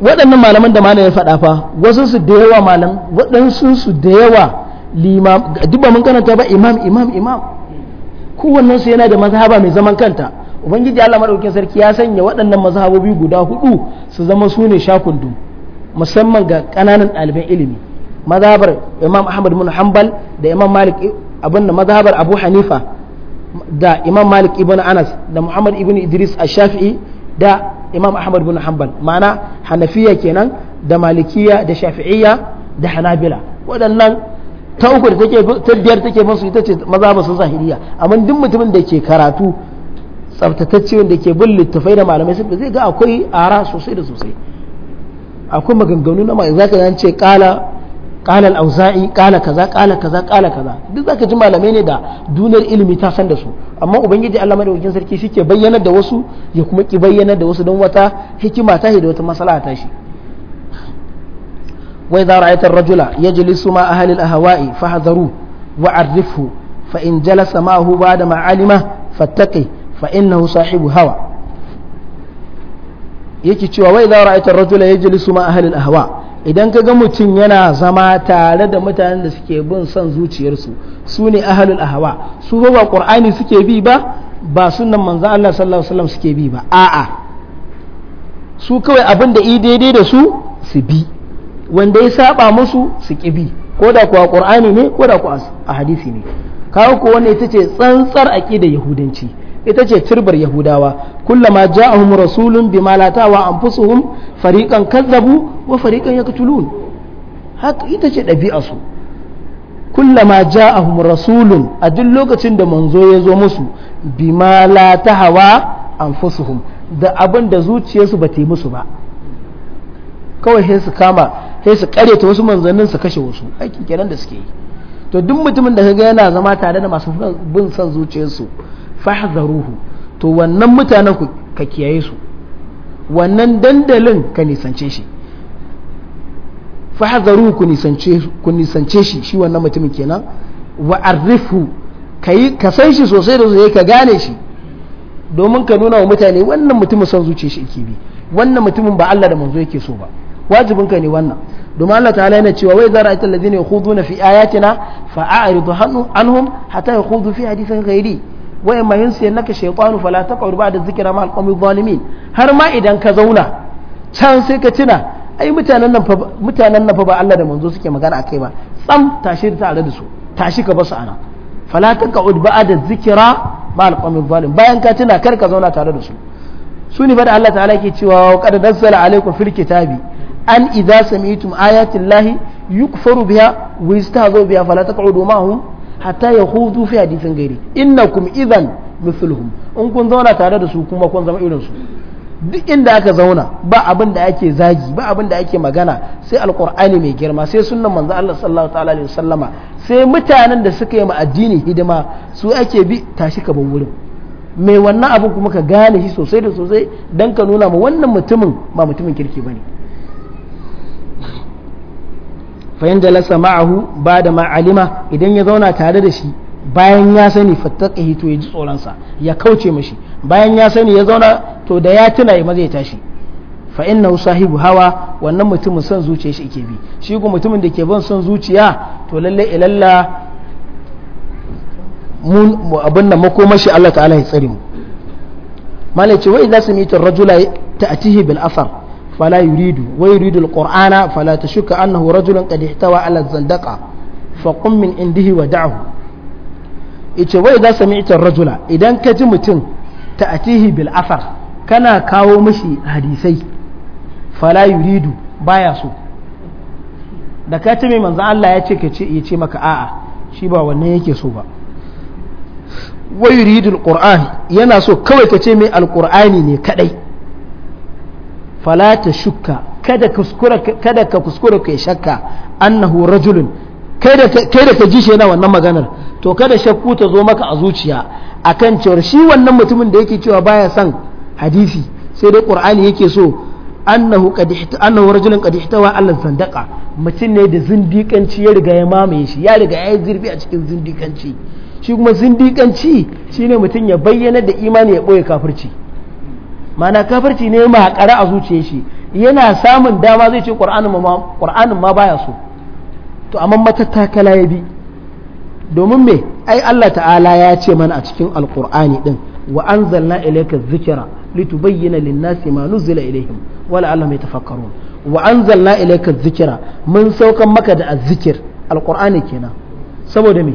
waɗannan malaman da malam ya faɗa fa wasu su da yawa malam waɗansu su da yawa limam duk ba mun karanta ba imam imam imam kowannen su yana da mazhaba mai zaman kanta ubangiji Allah madaukakin sarki ya sanya waɗannan mazhabobi guda hudu su zama su ne shakundu musamman ga ƙananan ɗaliban ilimi mazhabar imam ahmad bin hanbal da imam malik abin da mazhabar abu hanifa da imam malik ibn anas da muhammad ibn idris ash-shafi'i da imam ahmad bin hanbal ma'ana hanafiya kenan da malikiya da shafi'iyya da hanabila waɗannan ta uku da take ta biyar take musu ita ce maza ba su zahiriya amma duk mutumin da ke karatu tsaftatacce wanda ke bin littafai da malamai sun zai ga akwai ara sosai da sosai akwai maganganu na mai zaka zance kala kala al-auza'i kala kaza kala kaza kala kaza duk zaka ji malamai ne da duniyar ilimi ta san da su amma ubangiji Allah madaukakin sarki shike bayyana da wasu ya kuma ki bayyana da wasu don wata hikima ta da wata maslaha ta shi وإذا رأيت الرجل يجلس مع أهل الأهواء فحذروه وعرفه فإن جلس معه بعد ما علمه فاتقه فإنه صاحب هوى yake cewa wai za a ra'aita rajula ya jilisu ma ahalil ahwa idan ka ga mutum yana zama tare da mutanen da suke bin son zuciyarsu su ne ahalul ahwa su ba qur'ani suke bi ba ba sunan manzon Allah sallallahu alaihi wasallam suke bi ba a'a su kawai abin da i daidai da su su bi wanda ya saba musu su kibi ko da kuwa qur'ani ne ko da kuwa a hadisi ne kawo ko wannan ita ce tsantsar aqida yahudanci ita ce turbar yahudawa kullama ja'ahum rasulun bima la tawa anfusuhum fariqan kazzabu wa fariqan yaqtulun haka ita ce su kullama ja'ahum rasulun a duk lokacin da manzo ya zo musu bima la tahawa anfusuhum da abin da zuciyarsu ba ta yi musu ba kawai sai su kama sai su ta wasu manzannin su kashe wasu aikin kenan da suke yi to duk mutumin da kaga yana zama tare da masu bin son zuciyarsu fahzaruhu to wannan mutanen ku ka kiyaye su wannan dandalin ka nisance shi fahzaruhu ku nisance ku nisance shi shi wannan mutumin kenan wa arifu kai ka san shi sosai da sosai ka gane shi domin ka nuna wa mutane wannan mutumin son zuciyarsa shi yake bi wannan mutumin ba Allah da manzo yake so ba wajibin ka ne wannan domin Allah ta'ala yana cewa wai zara ita alladhina yakhuduna fi ayatina fa'aridu anhum hatta yakhudu fi hadithin ghairi wa imma yunsiyannaka shaytanu fala taq'ud da zikira ma qawmi zalimin har ma idan ka zauna can sai ka tuna ai mutanen nan fa ba Allah da manzo suke magana a kai ba tsam tashi tare da su tashi ka basu ana fala taq'ud da zikira ma qawmi zalim bayan ka tuna kar ka zauna tare da su su ne fa da Allah ta'ala ke cewa qad nazzala alaikum fil kitabi an idza sami'tum ayatin lahi yukfaru biha wa yastahzu biha fala taq'udu ma'hum hatta yahudu fi hadithin ghairi innakum idhan mithluhum in kun zauna tare da su kuma kun zama irin su duk inda aka zauna ba abin da ake zagi ba abin da ake magana sai alkur'ani mai girma sai sunnan manzo Allah sallallahu ta'ala alaihi wasallama sai mutanen da suka yi addini hidima su ake bi tashi ka ban wurin mai wannan abin kuma ka gane shi sosai da sosai dan ka nuna ma wannan mutumin ba mutumin kirki bane fa yanda la sama'ahu ba da ma'alima idan ya zauna tare da shi bayan ya sani fattaqihi to ya ji tsoronsa ya kauce mishi bayan ya sani ya zauna to da ya tuna ya zai tashi fa innahu sahibu hawa wannan mutumin son zuciya shi yake bi shi ko mutumin da ke bin son zuciya to lalle ilalla eh, mun abin nan makomashi Allah ta'ala ya tsare mu malai ce wa idza sami'tu ar-rajula ta'tihi bil afar فلا يريد ويريد القرآن فلا تشك أنه رجل قد احتوى على الزندقة فقم من عنده ودعه إيش وإذا سمعت الرجل إذا كجمت تأتيه بالأثر كان كاو مشي حديثي فلا يريد بايا سو da ka ce mai manzo Allah ya ce ka ce ya ce maka a'a shi ba wannan yake so ba wai yuridul qur'an yana so kawai ka ce mai alqur'ani ne kadai fala ta shukka kada ka kuskura kai shakka annahu rajulun kai da ka ji shi yana wannan maganar to kada shakku ta zo maka a zuciya akan cewar shi wannan mutumin da yake cewa baya son hadisi sai dai qur'ani yake so annahu qad annahu rajulun qad ihtawa allan sandaqa mutum ne da zindikanci ya riga ya mamaye shi ya riga ya yi a cikin zindikanci shi kuma zindikanci shine mutum ya bayyana da imani ya boye kafirci mana kafirci ne ma ƙara a zuciyar shi yana samun dama zai ce ƙur'anin ma baya so to amma matattakala ya bi domin me ai Allah ta'ala ya ce mana a cikin alƙur'ani ɗin. wa anzalna ilayka dhikra litubayyana lin-nasi ma nuzila ilayhim wa la'allahum yatafakkarun wa anzalna ilayka dhikra mun saukan maka da azzikir alƙur'ani kenan saboda me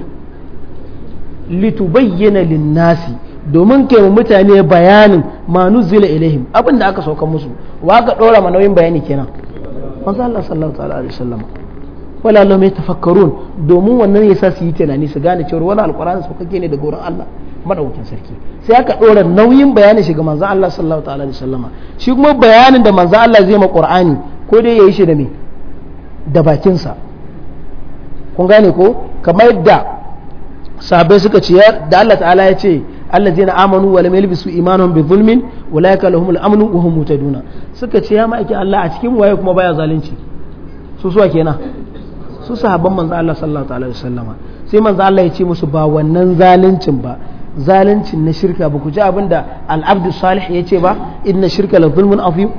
litubayyana linnasi. domin ke wa mutane bayanin ma nuzila ilaihim abin da aka sauka musu wa ka dora ma nauyin bayani kenan manzo Allah sallallahu alaihi wasallam wala lam yatafakkarun domin wannan yasa su yi tunani su gane cewa wala alqur'ani saukake ne daga wurin Allah madaukin sarki sai aka dora nauyin bayanin shi ga manzo Allah sallallahu alaihi wasallam shi kuma bayanin da manzo Allah zai ma qur'ani ko dai yayi shi da me da bakinsa kun gane ko kamar yadda sahabbai suka ce da Allah ta'ala ya ce allazina amanu wa lam yalbisu imanuhum bi zulmin ulaika lahumul amnu wa hum muhtaduna suka ce ya ma'aikin Allah a cikin waye kuma baya zalunci su suwa kenan su sahabban manzo Allah sallallahu alaihi wasallama sai manzo Allah ya ce musu ba wannan zaluncin ba zaluncin na shirka ba ku ji abinda da al'abdu salih ya ce ba inna shirka la zulmun afim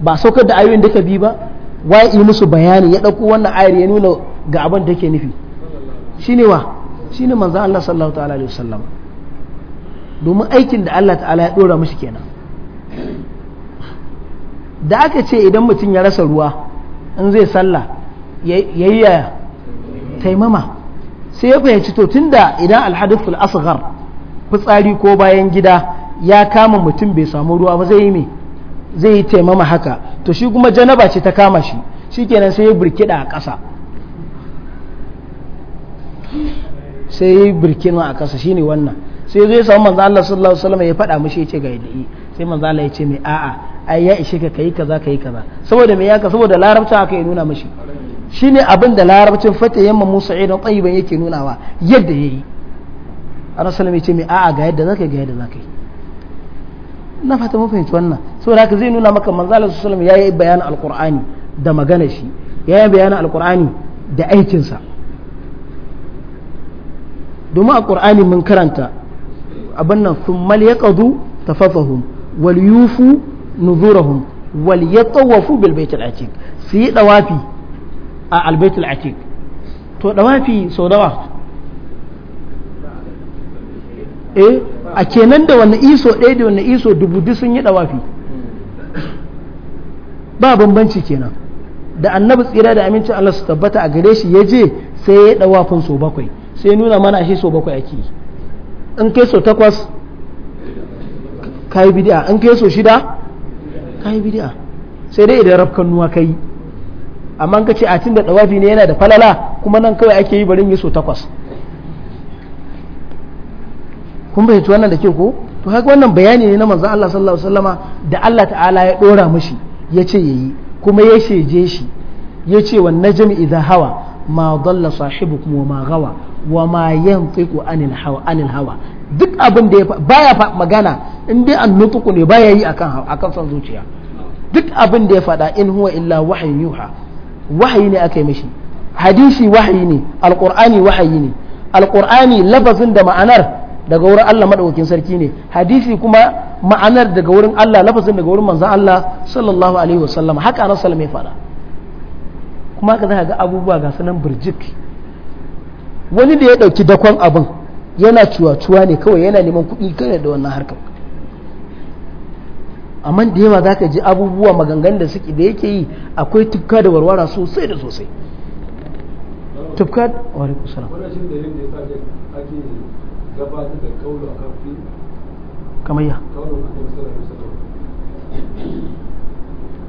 ba saukar da ayoyin da ka bi ba waye yi musu bayani ya dauko wannan ayar ya nuna ga abin da ke nufi shine wa shine manzo Allah sallallahu ta'ala alaihi wasallam domin aikin da Allah ta'ala ya dora mishi kenan da aka ce idan mutum ya rasa ruwa in zai sallah ya ya taimama sai ya fahimci to tun da idan alhadithul asghar fitsari ko bayan gida ya kama mutum bai samu ruwa ba zai yi me zai yi taimama haka to shi kuma janaba ce ta kama shi shikenan sai ya burkida a ƙasa sai ya yi birkinu a ƙasa shi ne wannan sai zai samu manzo Allah sallallahu alaihi wasallam ya faɗa mishi yace ga yadi sai manzo Allah ya ce mai a'a ai ya ishe ka kai kaza kai kaza saboda me yaka saboda larabcin aka nuna mishi shine abin da larabcin fata yamma Musa idan tayyiban yake nunawa yadda yayi Allah sallallahu ya ce mai a'a ga yadda zaka ga yadda zaka na fata mun fahimci wannan saboda haka zai nuna maka manzo Allah sallallahu alaihi wasallam yayi bayanin alqur'ani da magana shi yayi bayanin alqur'ani da aikinsa domin a ƙur'ani mun karanta abin nan sun mal ya ƙazu tafafahum wal yufu nuzurahum wal ya tsawafu bil atik su yi ɗawafi a albaitul atik to ɗawafi sau dawa eh, a kenan da wani iso ɗaya da wani iso dubu duk sun yi ɗawafi ba bambanci kenan da annabi tsira da amincin Allah su tabbata a gare shi ya je sai ya ɗawafin sau bakwai sai nuna mana shi sau bakwai ake yi in kai so takwas kayi bidi'a kai so shida ka yi bidi'a sai dai idan rafkan nuwa ka yi amma ka ce a tun da ɗawafi ne yana da falala kuma nan kawai ake yi bari yi so takwas kun bayyanci wannan da ke ko to haka wannan bayani ne na manzan Allah sallallahu alaihi wasallama da Allah ta'ala ya dora mishi ya ce ya yi kuma ya sheje shi ya ce wa najmi da hawa ma dalla sahibukum wa ma gawa wa ma yantiqu anil hawa anil hawa duk abin da baya magana in dai an nutuku ne baya yi akan akan son zuciya duk abin da ya faɗa in huwa illa wahayin yuha wahayi ne aka yi mishi hadisi wahayi ne alqur'ani wahayi ne alqur'ani lafazin da ma'anar daga wurin Allah madaukakin sarki ne hadisi kuma ma'anar daga wurin Allah lafazin daga wurin manzon Allah sallallahu alaihi wasallam haka Annabi sallallahu alaihi wasallam faɗa kuma ka za ga abubuwa ga sanan birjik wani da ya ɗauki dakon abin yana cuwa-cuwa ne kawai yana neman kuɗi kare da wannan harkar amma da yawa za ka ji abubuwa magangan da suke da yake yi akwai tufka da warwara sosai da sosai tufka wa salam kamar ya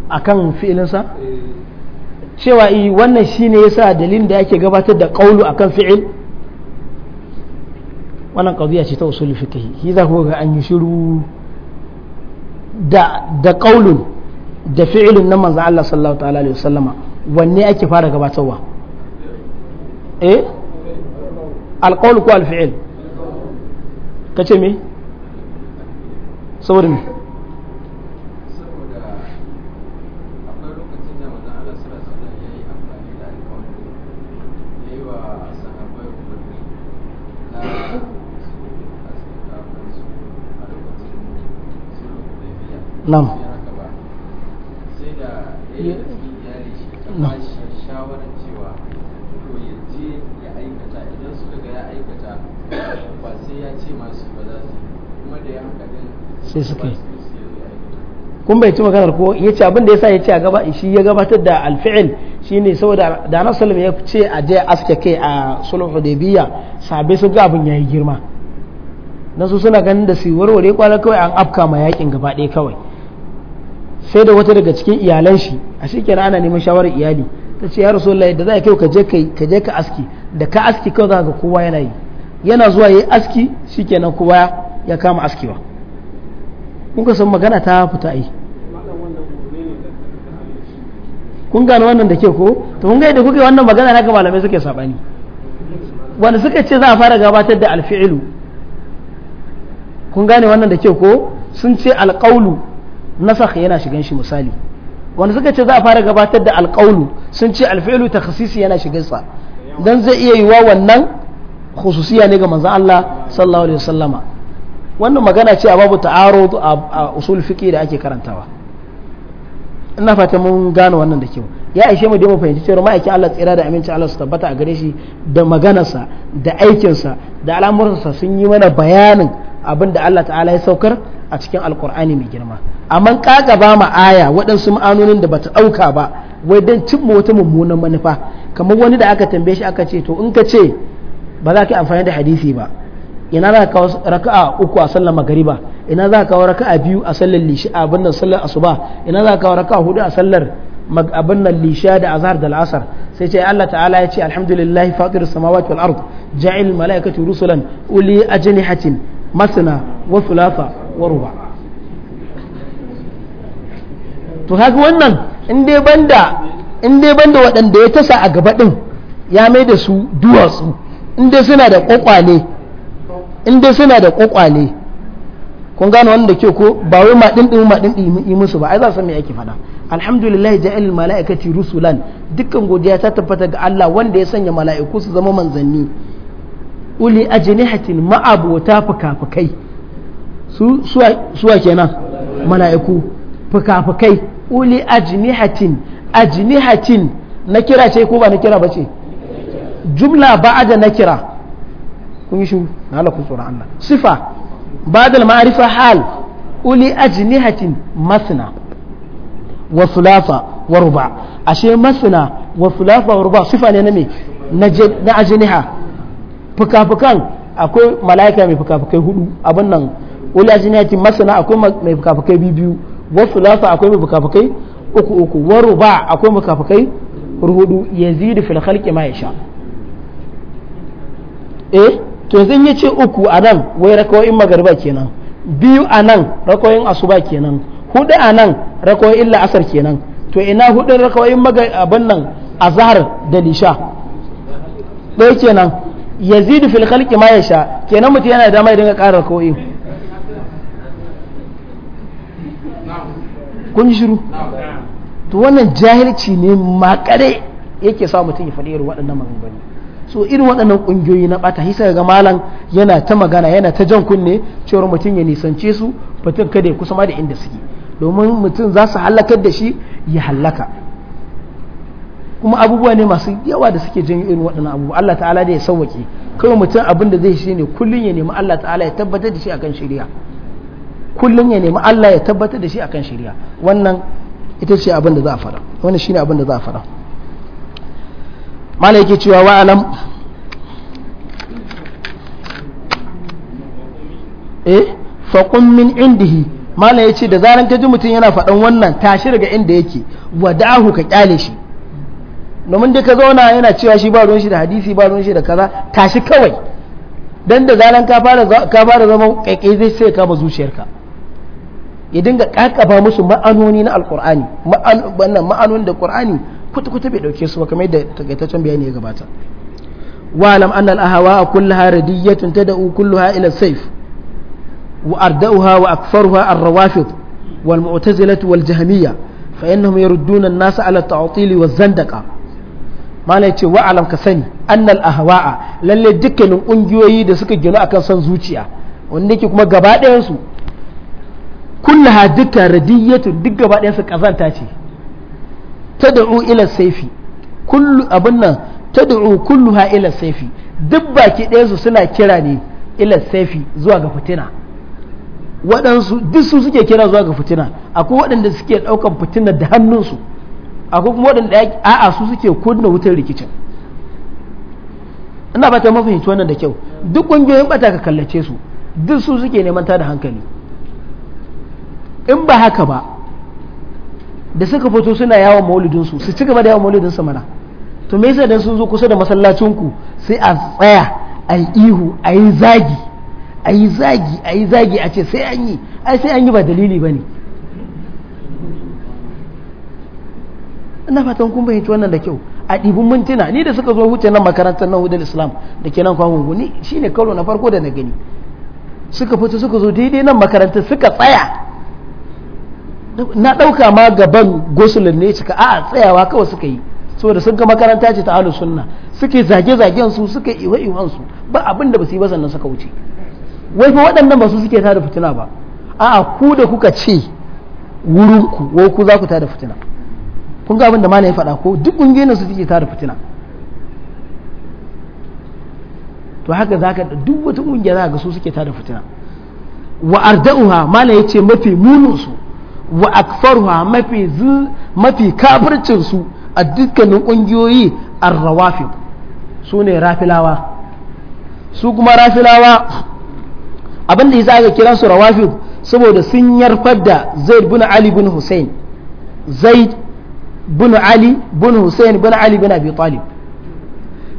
akan fi'ilinsa eh. cewa yi wannan ya sa dalilin da ake gabatar da a kan fi'il wannan ya ce ta usul fiqh shi za ku ga an yi shiru da da da fi'ilin na manzan Allah sallallahu ta'ala alaihi wasallama wanne ake fara gabatarwa eh alqawl ko alfi'il ce me saboda nam sai suka kun bai ci maganar ko ya ce abin da ya sa ya ce a gaba shi ya gabatar da alfi'il ne saboda da na salim ya ce a je aske kai a da hudaybiya sabe su ga abin yi girma na su suna ganin da su warware kwanar kawai an afka ma yakin gaba ɗaya kawai sai da wata daga cikin iyalan shi a shekara ana neman shawarar iyali ta ce ya rasulullahi da za ka kai ka je ka aski da ka aski kawai za ka kowa yana yi yana zuwa yi aski shikenan kowa ya kama askewa kun ka san magana ta fita yi kun gano wannan da ke ko to kun ga da kuke wannan magana na ga malamai suke sabani wanda suka ce za a fara gabatar da alfi'ilu kun gane wannan da ke ko sun ce alƙaulu nasakh yana shigan shi misali wanda suka ce za a fara gabatar da alƙaulu sun ce alfi'lu takhsisi yana shigan sa dan zai iya yiwa wannan khususiya ne ga manzon Allah sallallahu alaihi wasallama wannan magana ce a babu ta'arud a usul fiqi da ake karantawa ina fata mun gane wannan da kyau ya aishe mu da mu fahimci cewa ma'aikin Allah tsira da aminci Allah su tabbata a gare shi da maganarsa da aikinsa da al'amuransa sun yi mana bayanin abin da Allah ta'ala ya saukar a cikin alkur'ani mai girma amma kaga ba ma aya waɗansu ma'anonin da bata ɗauka ba wai don cimma wata mummunan manufa kamar wani da aka tambaye shi aka ce to in ka ce ba za ka yi amfani da hadisi ba ina za ka kawo raka'a uku a sallar magariba ina za ka kawo raka'a biyu a sallar lishi a abin sallar asuba ina za ka kawo raka'a hudu a sallar abin nan lisha da azhar da al'asar sai ce Allah ta'ala ya ce alhamdulillahi fatir samawati wal ard ja'il malaikatu rusulan uli ajnihatin masna wa thulatha wa ruba' to haka wannan in dai banda waɗanda ya tasa a gaba ɗin ya mai da su duwatsu in suna da ƙwaƙwale. in suna da ƙwaƙwale. kun gano wanda ke ko ba wai ma ɗin ma din yi musu ba ai za su me yake fada alhamdulillah ja'al malaikati rusulan dukkan godiya ta tabbata ga Allah wanda ya sanya mala'iku su zama manzanni uli ajnihatin ma'abuta fukafukai su suwa kenan mala'iku fukafukai uli ajnihatin ajnihatin na kira ce ko ba na kira ba ce jumla ba'ada na kira kun yi shi na halakun tsoron Allah sifa ba'da ma'arifa hal uli ajnihatin masna wa sulafa wa ruba ashe masna wa sulafa wa ruba sifa ne na me na ajniha fuka-fukan akwai mala'ika mai fuka-fukai hudu abin nan uli ajnihatin masna akwai mai fuka-fukai biyu wasu lasa akwai mai bukafakai uku uku waru ba akwai fukafukai hudu zi da khalqi ma ya sha. E eh? to zan ya ce uku a nan wai rakawoyin magariba kenan biyu a nan rakawoyin asuba kenan hudu a nan rakawoyin asar kenan to ina hudu rakawoyin abin nan a zahar da lisha ɗaya kenan yazidu fil khalqi ma yasha kenan mutum yana da dama ya dinga ƙara rakawoyin kun shiru to wannan jahilci ne makare yake sa mutum ya faɗi irin waɗannan maganganu so irin waɗannan ƙungiyoyi na ɓata hisa ga malam yana ta magana yana ta jan kunne cewar mutum ya nisance su mutum kada ya kusa ma da inda suke domin mutum za su hallakar da shi ya hallaka kuma abubuwa ne masu yawa da suke jan irin waɗannan abubuwa Allah ta'ala da ya sauwake kawai mutum abin da zai shi ne kullum ya nemi Allah ta'ala ya tabbatar da shi akan shari'a kullum ya nemi Allah ya tabbatar da shi akan shari'a wannan ita ce abin da za a fara wannan shine abin da za a fara mala yake cewa wa alam eh qum min indihi mala yace da zaran ka ji mutum yana faɗan wannan tashi daga inda yake wada'ahu ka kyale shi domin da ka zauna yana cewa shi ba ruwan shi da hadisi ba ruwan shi da kaza tashi kawai dan da zaran ka fara ka fara zama kai zai sai ka ba zuciyarka ya dinga kakaba musu ma'anoni na alkur'ani wannan ma'anoni da qur'ani kuta kuta bai dauke su ba kamar yadda takaitaccen bayani ya gabata wa'lam anna al-ahwa kullaha radiyatun tad'u kulluha ila sayf wa arda'uha wa akfaruha ar-rawafid wal mu'tazilah wal jahmiyya fa innahum yarudduna an-nasa ala tatil wa zandaqa malai ce alam ka sani anna al-ahwa lalle dukkanin ƙungiyoyi da suka gino akan san zuciya wanda yake kuma gaba ɗayan su kullaha duka radiyatu duk gaba su ƙazanta ce da'u ila saifi kullu abin nan ta kullu ha ila saifi duk baki ɗaya su suna kira ne ila saifi zuwa ga fitina waɗansu duk su suke kira zuwa ga fitina akwai waɗanda suke ɗaukan fitina da hannunsu akwai kuma waɗanda a'a su suke kunna wutar rikicin ina ba ta mafahimci wannan da kyau duk ƙungiyoyin ɓata ka kallace su duk su suke neman ta da hankali in ba haka ba da suka fito suna yawon maulidinsu su ci gaba da yawon maulidinsu mana to me yasa dan sun zo kusa da masallacinku sai a tsaya a yi ihu a yi zagi a yi zagi a yi zagi a ce sai an yi ai sai an yi ba dalili ba ne ina fatan kun bayyanci wannan da kyau a ɗibin mintuna ni da suka zo huce nan makarantar nan hudun islam da ke nan kwanwo ni shine karo na farko da na gani suka fito suka zo daidai nan makarantar suka tsaya na ɗauka ma gaban gosulin ne cika a'a tsayawa kawai suka yi saboda sun ga makaranta ce ta ahlus sunna suke zage-zagen su suke iwa-iwan su ba abin da ba su yi ba sannan suka wuce wai fa waɗannan ba su suke tada fitina ba a'a ku da kuka ce wurin ku wai ku za ku tada fitina kun ga abin da malai faɗa ko duk kungiyoyin su suke tada fitina to haka zaka duk wata kungiya za ga su suke tada fitina wa arda'uha malai ce mafi munin su wa akfaruha mafi mafi kafircin a dukkanin ƙungiyoyi a rawafi su ne rafilawa su kuma rafilawa abinda yi aka kira su rawafi saboda sun yarfar da zaid bin ali bin hussein zaid bin ali bin hussein bin ali bin abi talib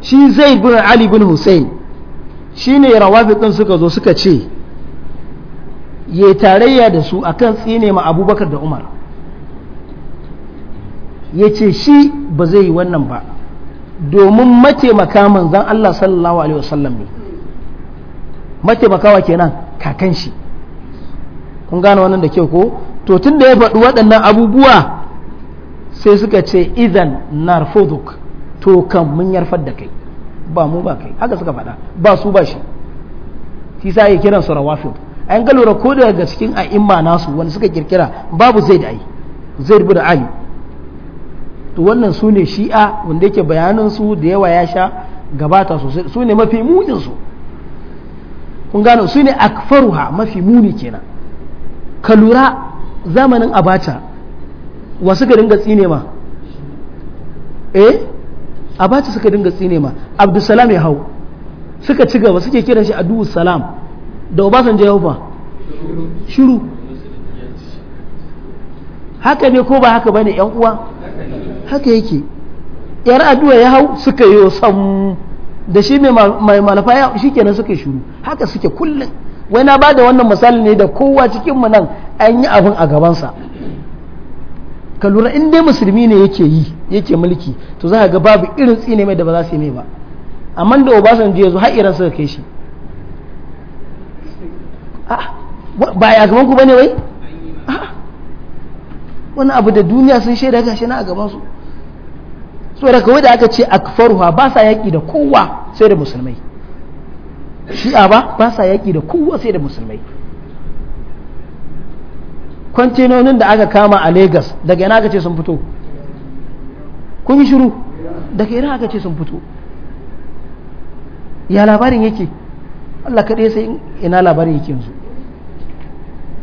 shi zaid bin ali bin hussein shine rawafi ɗin suka zo suka ce ya tarayya da su akan tsine ma abubakar da umar ya ce shi ba zai yi wannan ba domin mataimaka manzan Allah sallallahu alaihi wasallam ne mataimakawa kenan kakan shi kun gane wannan da kyau ko to tun da ya faɗi waɗannan abubuwa sai suka ce idan narfoduk to kan mun yarfar da kai ba mu ba kai haka suka faɗa ba su ba shi shi sa ya kiransu an ga lura ko daga cikin a'imma nasu wanda suka kirkira babu da ai zai rubuta ali to wannan su ne shi'a wanda yake bayanin su da yawa ya sha gabata sosai su ne mafi munin su kun gano su ne akfaruha mafi muni kenan ka lura zamanin abacha wa suka dinga tsine ma eh abacha suka dinga tsine ma abdusalam ya hau suka ci gaba suke kiran shi adu salam da obasanjo ya fa shiru haka ne ko ba haka bane yan uwa haka yake yar addu'a ya hau suka yi sam da shi mai malafa ya shi kenan suka shiru haka suke kullun wai na bada wannan misali ne da kowa cikinmu nan an yi abin a gabansa ka lura in dai musulmi ne yake yi yake mulki to za ga babu irin tsine mai da ba za su yi mai ba amma da obasanjo ya zo har iran suka kai shi ba ya gaban ku bane wai wani abu da duniya sun shaida gashi na a gaban su da kawai da aka ce akfaruha ba sa yaƙi da kowa sai da musulmai shi'a ba ba sa yaƙi da kowa sai da musulmai kwantinonin da aka kama a Legas daga yana aka ce sun fito kun yi shiru daga yana aka ce sun fito ya labarin yake Allah kaɗai sai ina labarin yake yanzu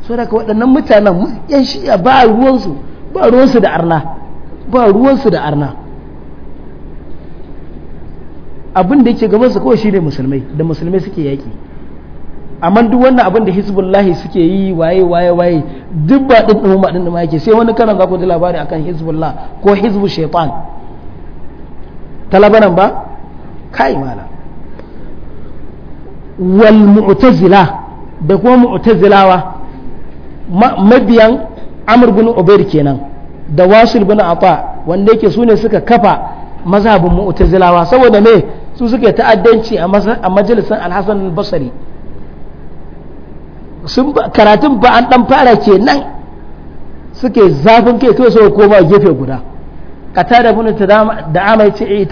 so waɗannan mutanen yan shi'a ba ruwansu ba ruwansu da arna ba ruwansu da arna abin da yake gabansu kawai shine musulmai da musulmai suke yaƙi amma duk wannan abin da hezbollah suke yi waye waye waye duk ba ɗin ɗin ma ɗin ma yake sai wani karan za ku ji labari akan hezbollah ko hizbu shaitan talabanan ba kai mala wal mu'tazila da kuma mu'tazilawa mabiyan amur bin ubair kenan da wasu bin ata wanda yake su ne suka kafa mazhabin mu'tazilawa saboda me su suka ta'addanci a majalisar alhassan al-basri sun karatun ba an dan fara kenan suke zafin kai kai suka koma gefe guda kata da bin da amai ce e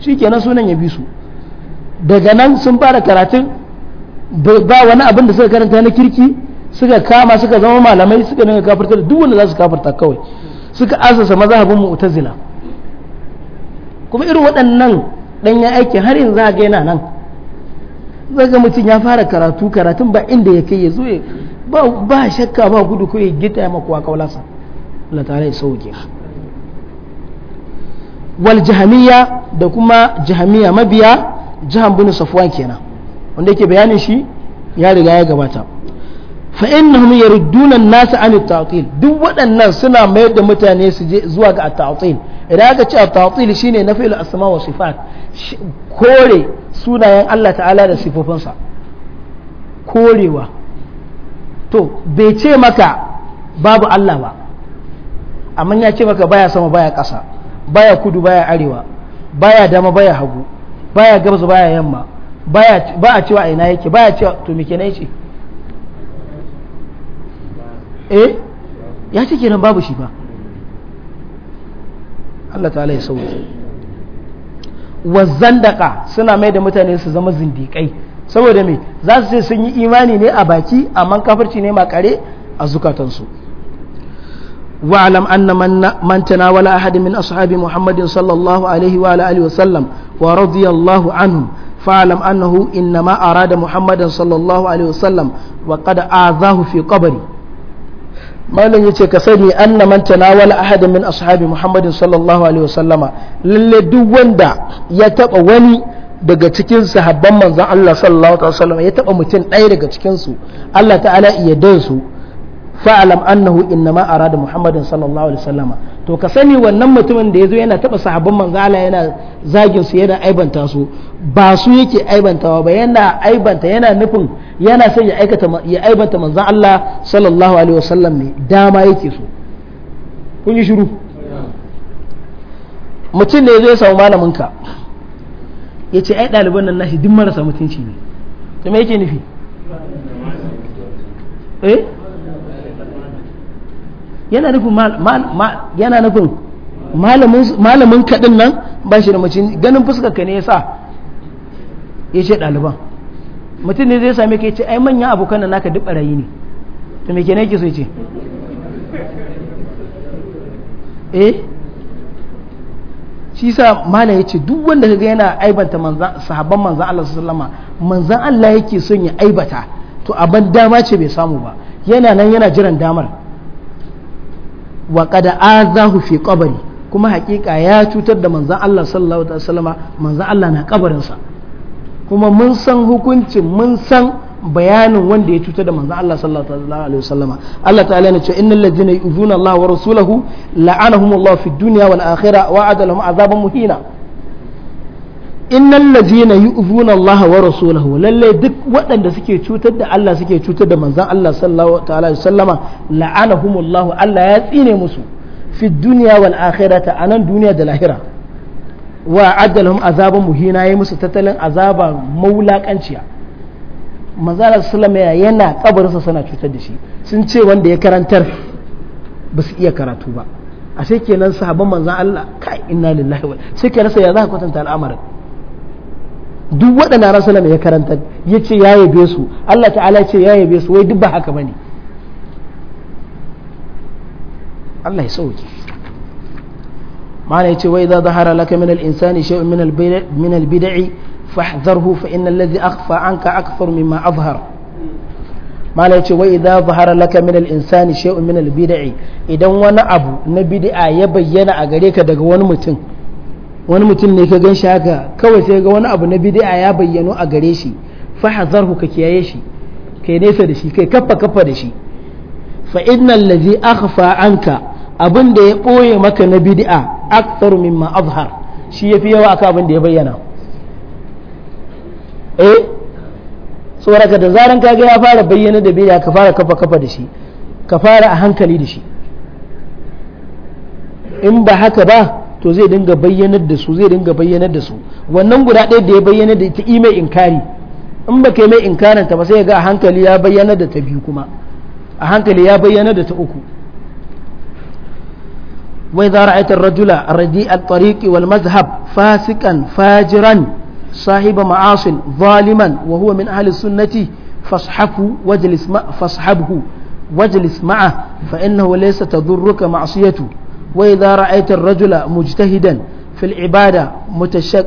shi kenan sunan ya bi su daga nan sun fara karatun ba wani abin da suka karanta na kirki suka kama suka zama malamai suka dinga kafirta da duk wanda za su kafirta kawai suka asasa mazhabin mu'tazila kuma irin waɗannan ya aiki har yanzu za ga yana nan zaga mutum ya fara karatu karatun ba inda ya kai ya zo ba shakka ba gudu ko ya gita ya makuwa kaulasa Allah ta'ala ya sauke wal jahamiyya da kuma jahamiyya mabiya jahan bin safwan kenan wanda yake bayanin shi ya riga ya gabata fa innahum yarudduna an-nas an nasa an at tatil duk waɗannan suna mayar da mutane su je zuwa ga at-ta'til idan aka ce at-ta'til shine nafi'ul asma wa sifat kore sunayen Allah ta'ala da sifofinsa korewa to bai ce maka babu Allah ba amma ya ce maka baya sama baya ƙasa baya kudu baya arewa baya dama baya hagu baya gabas baya yamma baya ba a cewa ina yake baya cewa to me kenan yake eh ya ce kenan babu shi ba Allah ta'ala ya sauke wa suna mai da mutane su zama zindikai saboda me za su ce sun yi imani ne a baki amma kafirci ne makare a zukatansu واعلم أن من, من min ashabi من أصحاب محمد wa الله عليه وعلى آله وسلم ورضي الله عنهم فاعلم ma إنما أراد sallallahu alaihi wa sallam wa وقد آذاه fi قبره malam yace ka sani anna man tanawala ahad min ashabi muhammadin sallallahu alaihi wasallama lalle duk wanda ya taba wani daga cikin sahabban manzon Allah sallallahu alaihi wasallama ya taba mutum ɗaya daga cikin su Allah ta'ala iya su fa'alam annahu innama arada muhammadin sallallahu alaihi wasallama to ka sani wannan mutumin da yazo yana taba sahabban manzo Allah yana zagin su yana aibanta su ba su yake aibantawa ba yana aibanta yana nufin yana son ya aikata ya aibanta manzo Allah sallallahu alaihi wasallam ne dama yake so kun yi shiru mutum da yazo ya samu malamin ka yace ai daliban nan nashi duk marasa mutunci ne to me yake nufi eh yana nufin yana nufin malamin kaɗin nan ba shi da mace ganin fuskar ka ne ya sa ya ce ɗaliban mutum ne zai same ka ce ai manyan abokan nan naka duk ɓarayi ne to me kenan yake so ce eh shi sa malam ya ce duk wanda kaga yana aibanta sahabban manzan Allah sallama manzan Allah yake son ya aibata to abin dama ce bai samu ba yana nan yana jiran damar wa kada azahu fi qabri kuma hakika ya cutar da manzon Allah sallallahu alaihi wasallama manzon Allah na kabarinsa kuma mun san hukuncin mun san bayanin wanda ya cutar da manzon Allah sallallahu alaihi wasallama Allah ta'ala ne ce innal ladzina yu'zuna Allah wa rasulahu la'anahumullahu fid dunya wal akhirah wa adalahum azaban muhina innal ladzina yu'zuna Allah wa rasulahu lalle duk waɗanda suke cutar da Allah suke cutar da manzon Allah sallallahu ta'ala alaihi wasallama la'anahumullahu Allah ya tsine musu fi dunya wal akhirata anan duniya da lahira wa adalhum azaban muhina yayi musu tattalin azaba maulakanciya manzon Allah sallama yana kabarinsa sana cutar da shi sun ce wanda ya karantar ba su iya karatu ba ashe kenan sahabban manzon Allah kai inna lillahi wa sai kenan sai ya za ka kwatanta al'amarin duk waɗanda rasulun ya karanta ya ce ya yabe su Allah ta'ala ce ya yabe su wai duk ba haka bane Allah ya sauke ma'ana yace wai idza zahara laka min al-insani shay'un min min al-bid'i fahdharhu fa inna alladhi akhfa anka akthar mimma azhar ma'ana yace wai idza zahara laka min al-insani shay'un min al-bid'i idan wani abu na bid'a ya bayyana a gare ka daga wani mutum wani mutum ne ka gan shi haka kawai sai ga wani abu na bid'a ya bayyano a gare shi fa hazarhu ka kiyaye shi kai nesa da shi kai kafa kafa da shi fa innal ladhi akhfa anka abin da ya boye maka na bid'a akthar mimma azhar shi yafi yawa akan abin da ya bayyana eh saboda da zaran kaga ya fara bayyana da bid'a ka fara kafa kafa da shi ka fara a hankali da shi in ba haka ba to zai dinga bayyanar da su zai dinga bayyanar da su wannan guda ɗaya da ya bayyana da ita imai inkari in ba kai mai inkarin ta ba sai ga a hankali ya bayyana da ta biyu kuma a hankali ya bayyana da ta uku wai za ra'aita rajula radi al-tariq wal mazhab fasikan fajiran sahiba ma'asin zaliman wa huwa min ahli sunnati fashahu wajlis ma fashabhu wajlis ma'a fa innahu laysa tadurruka ma'siyatu وإذا رأيت الرجل مجتهدا في العبادة متشك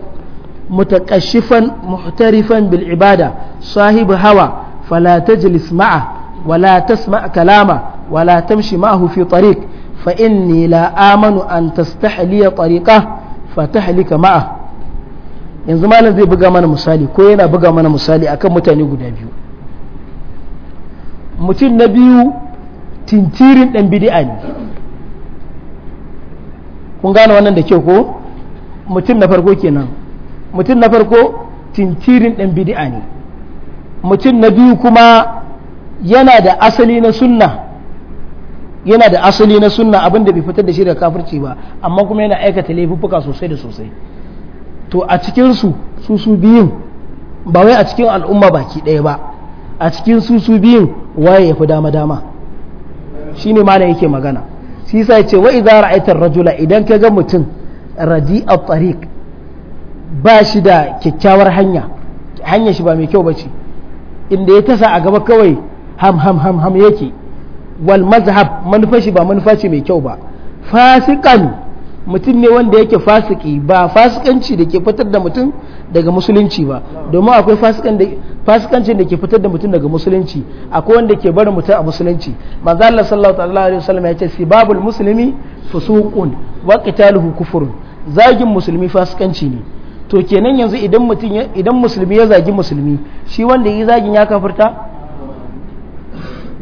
متكشفا محترفا بالعبادة صاحب هوى فلا تجلس معه ولا تسمع كلامه ولا تمشي معه في طريق فإني لا آمن أن تستحلي طريقه فتحلك معه yanzu malam zai buga mana misali ko yana buga mana misali akan mutane guda biyu mutum na biyu tintirin dan bid'a ne kun gane wannan da ke ko mutum na farko kenan mutum na farko tintirin ɗan bid'a ne mutum na biyu kuma yana da asali na sunna yana da asali na sunna abin da bai fitar da shi daga kafirci ba amma kuma yana aikata laifuffuka sosai da sosai to a cikin su su su biyun ba wai a cikin al'umma baki ɗaya ba a cikin su su biyun waye ya fi dama dama shine malam yake magana shi sa ce wa idan ra'aitar rajula idan ka ga mutum radi a tsarik ba shi da kyakkyawar hanya hanya shi ba mai kyau bace inda ya tasa a gaba kawai ham ham ham ham yake wal mazhab manufa shi ba manufa ce mai kyau ba fasikan mutum ne wanda yake fasiki ba fasikanci da ke fitar da mutum daga musulunci ba domin akwai fasikancin da ke fitar da mutum daga musulunci akwai wanda ke barin mutum a musulunci manzo Allah sallallahu alaihi wasallam ya ce sibabul muslimi fusuqun wa qitaluhu kufrun zagin musulmi fasikanci ne to kenan yanzu idan mutum idan musulmi ya zagi musulmi shi wanda yi zagin ya kafirta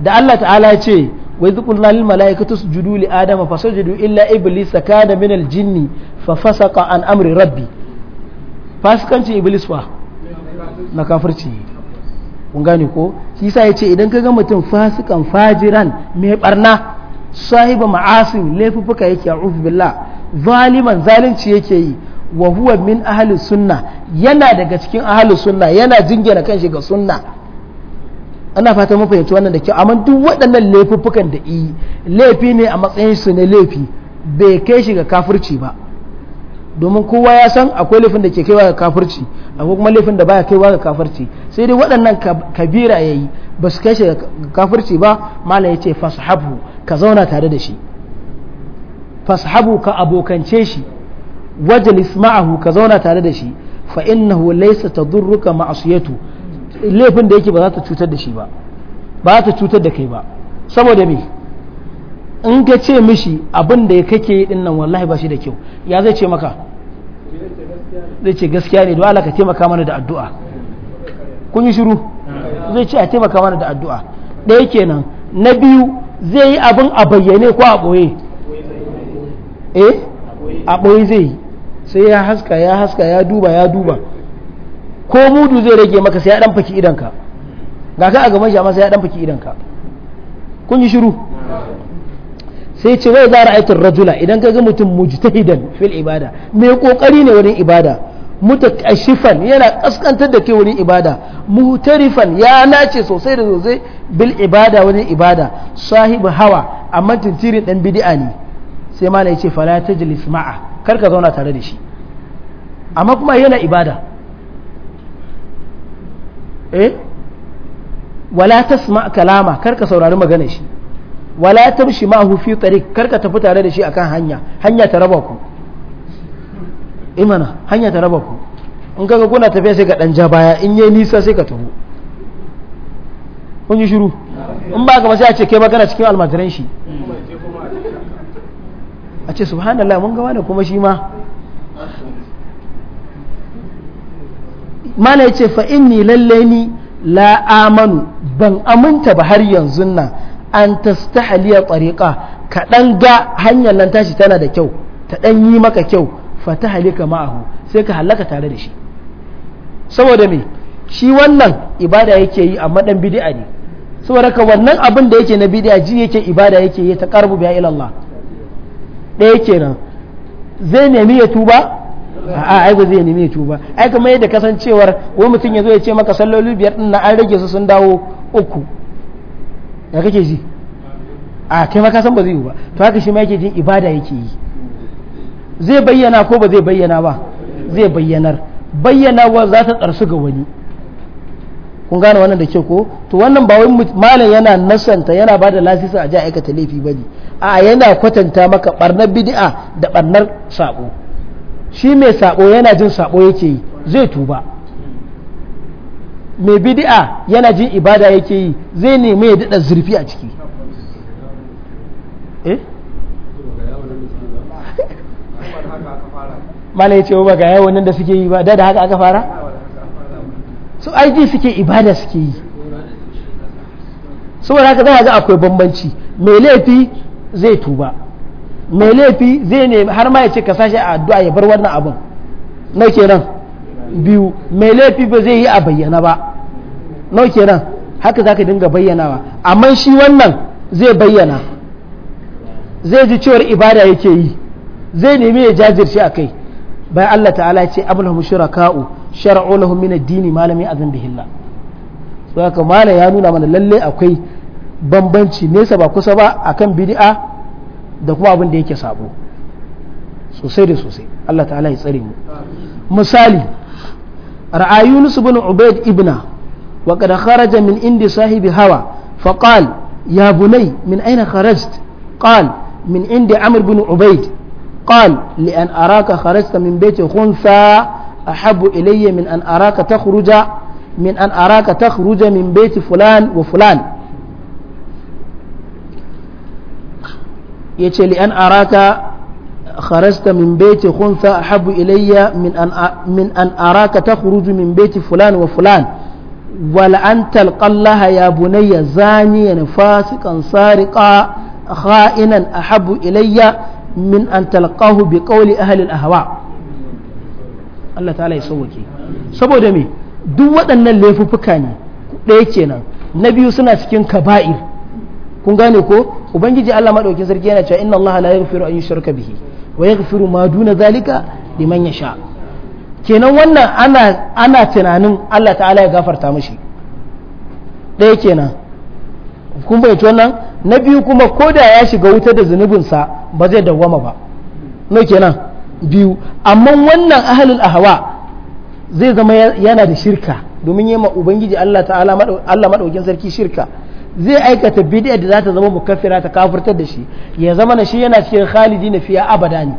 da Allah ta'ala ya ce wa idh qulna lil malaikati isjudu li adama fasajadu illa iblis kana min al jinni fa fasaqa an amri fasikanci iblis fa na kun gane ko shi yasa yace idan ka ga mutum fasikan fajiran mai barna sahiba ma'asin laifuka yake a'udhu billah zaliman zalunci yake yi wa huwa min ahli sunna yana daga cikin ahli sunna yana jingina kanshi ga sunna ana fatan mu fahimci wannan da kyau amma duk waɗannan laifuffukan da yi laifi ne a matsayin su na laifi bai kai shi ga kafirci ba domin kowa ya san akwai laifin da ke kaiwa ga kafirci akwai kuma laifin da baya kaiwa ga kafirci sai dai waɗannan kabira yayi ba su kai shi ga kafirci ba malam yace fashabu ka zauna tare da shi fashabu ka abokance shi wajlis ma'ahu ka zauna tare da shi fa innahu laysa tadurruka ma'asiyatu laifin da yake ba za ta cutar da shi ba ba za ta cutar da kai ba saboda me in ka ce mishi abin da kake yi dinnan wallahi ba shi da kyau ya zai ce maka zai ce gaskiya ne don Allah ka taimaka mana da addu'a kun yi shiru zai ce a taimaka mana da addu'a ɗaya kenan na biyu zai yi abin a bayyane ko a ɓoye eh a ɓoye zai sai ya haska ya haska ya duba ya duba ko mudu zai rage maka sai ya dan faki idanka ga ka a gaban shi amma sai ya dan faki idanka kun yi shiru sai ce wai za ra'aytul rajula idan ka ga mutum mujtahidan fil ibada mai kokari ne wurin ibada mutakashifan yana kaskantar da ke wurin ibada mutarifan ya nace sosai da sosai bil ibada wurin ibada sahibi hawa amma tintirin dan bid'a ne sai malai ce fala tajlis ma'a kar ka zauna tare da shi amma kuma yana ibada eh wala tasma kalama karka saurari magana shi wala tamshi ma hu fi tariq karka tafi tare da shi akan hanya hanya ta raba ku imana eh hanya ta raba ku in kaga kuna tafiya sai ka dan ja baya in yayi nisa sai ka taho kun yi shiru in ba ka ba sai a ce kai magana cikin almajiran shi a ce subhanallah mun ga wani kuma shi ma mana ya ce fa inni lalle ni la amanu ban aminta ba har yanzu nan an ta haliyar tsariƙa ka ɗan ga hanyar nan tashi tana da kyau ta ɗan yi maka kyau fa ta halika ma'ahu sai ka halaka tare da shi saboda me shi wannan ibada yake yi amma maɗan a ne saboda ka wannan abin da yake na bid'a ji yake ibada yake yi ta karbu biya ilallah ɗaya kenan zai nemi ya tuba a'a ai ba zai nemi tuba ai kamar yadda kasancewar wani mutum ya zo ya ce maka salloli biyar din na an rage su sun dawo uku ya kake ji a kai ma san ba zai yi ba to haka shi ma yake jin ibada yake yi zai bayyana ko ba zai bayyana ba zai bayyanar bayyanawa za ta tsarsu ga wani kun gane wannan da ke ko to wannan ba wai malam yana nasanta yana ba da lasisa a ji aikata laifi ba ne a yana kwatanta maka barnar bidi'a da barnar sabo shi mai sabo yana jin sabo yake yi zai tuba mai bid'a yana jin ibada yake yi zai nemi ya daɗa zurfi a ciki eh? mala ya ce ba ga yawon nan da suke yi ba da haka aka fara su aiki suke ibada suke yi saboda haka za a ga akwai bambanci mai laifi zai tuba mai laifi zai nemi har ma ya ce ka sashi a addu'a ya bar wannan abin na kenan biyu mai laifi ba zai yi a bayyana ba na kenan haka za ka dinga bayyanawa amma shi wannan zai bayyana zai ji cewar ibada yake yi zai nemi ya jajirce a kai bai Allah ta'ala ce abulhum shiraka'u shar'u shara'o min addini dini ma lam so haka mala ya nuna mana lalle akwai bambanci nesa ba kusa ba akan bidi'a. da kuma abin da yake sabo sosai da sosai Allah ta'ala ya tsare mu misali ra'ayu nusbun ubaid ibna wa kharaja min indi sahibi hawa fa ya bunai min ayna kharajt qala min indi amr bin ubaid qala li an araka kharajta min bayti khunsa ahabu ilayya min an araka takhruja min an araka takhruja min bayti fulan wa fulan ya li an araka kharajta min baiti khunsa ahabu ilayya min an min an araka takhruju min baiti fulan wa fulan wal an talqallaha ya bunayya zaniyan fasikan sariqa kha'inan ahabu ilayya min an talqahu bi qawli ahli al ahwa Allah ta'ala ya sauke saboda me duk waɗannan laifuffuka ne ɗaya kenan na biyu suna cikin kaba'ir kun gane ko ubangiji Allah madaukin sarki yana cewa inna Allah la yaghfiru an yushraka bihi wa yaghfiru ma duna zalika liman yasha kenan wannan ana ana tunanin Allah ta'ala ya gafarta mishi ɗaya kenan kun bai wannan na biyu kuma ko da ya shiga wuta da sa ba zai dawwama ba no kenan biyu amma wannan ahlul ahwa zai zama yana da shirka domin yi ma ubangiji Allah ta'ala Allah madaukin sarki shirka zai aikata bidiyar da za ta zama mukaffira ta kafirtar da shi ya zama na shi yana cikin khalidi na fiya abada ne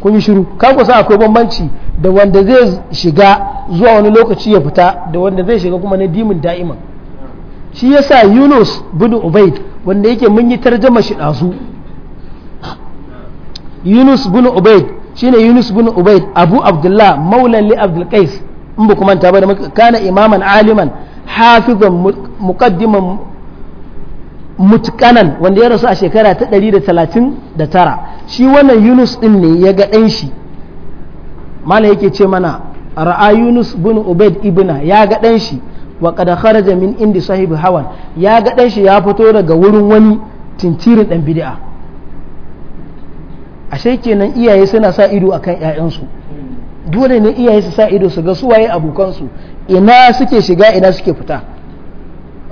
kun yi shiru ka kusa akwai bambanci da wanda zai shiga zuwa wani lokaci ya fita da wanda zai shiga kuma na dimin da'iman shi yasa Yunus bin Ubaid wanda yake mun yi tarjama shi dazu Yunus bin Ubaid shine Yunus bin Ubaid Abu Abdullah maulan li Abdul Qais in ba kuma ta bane kana imaman aliman hafizan muqaddiman mutkanan wanda ya rasu a shekara ta 139 shi wannan yunus din ne ya ga ɗan shi mala yake ce mana ra'a yunus bin ubaid ibna ya ga ɗan shi wa kada kharaja min indi sahibi hawan ya ga ɗan shi ya fito daga wurin wani tintirin ɗan bid'a ashe kenan iyaye suna sa ido akan 'ya'yansu dole ne iyaye su sa ido su ga su waye abokansu ina suke shiga ina suke fita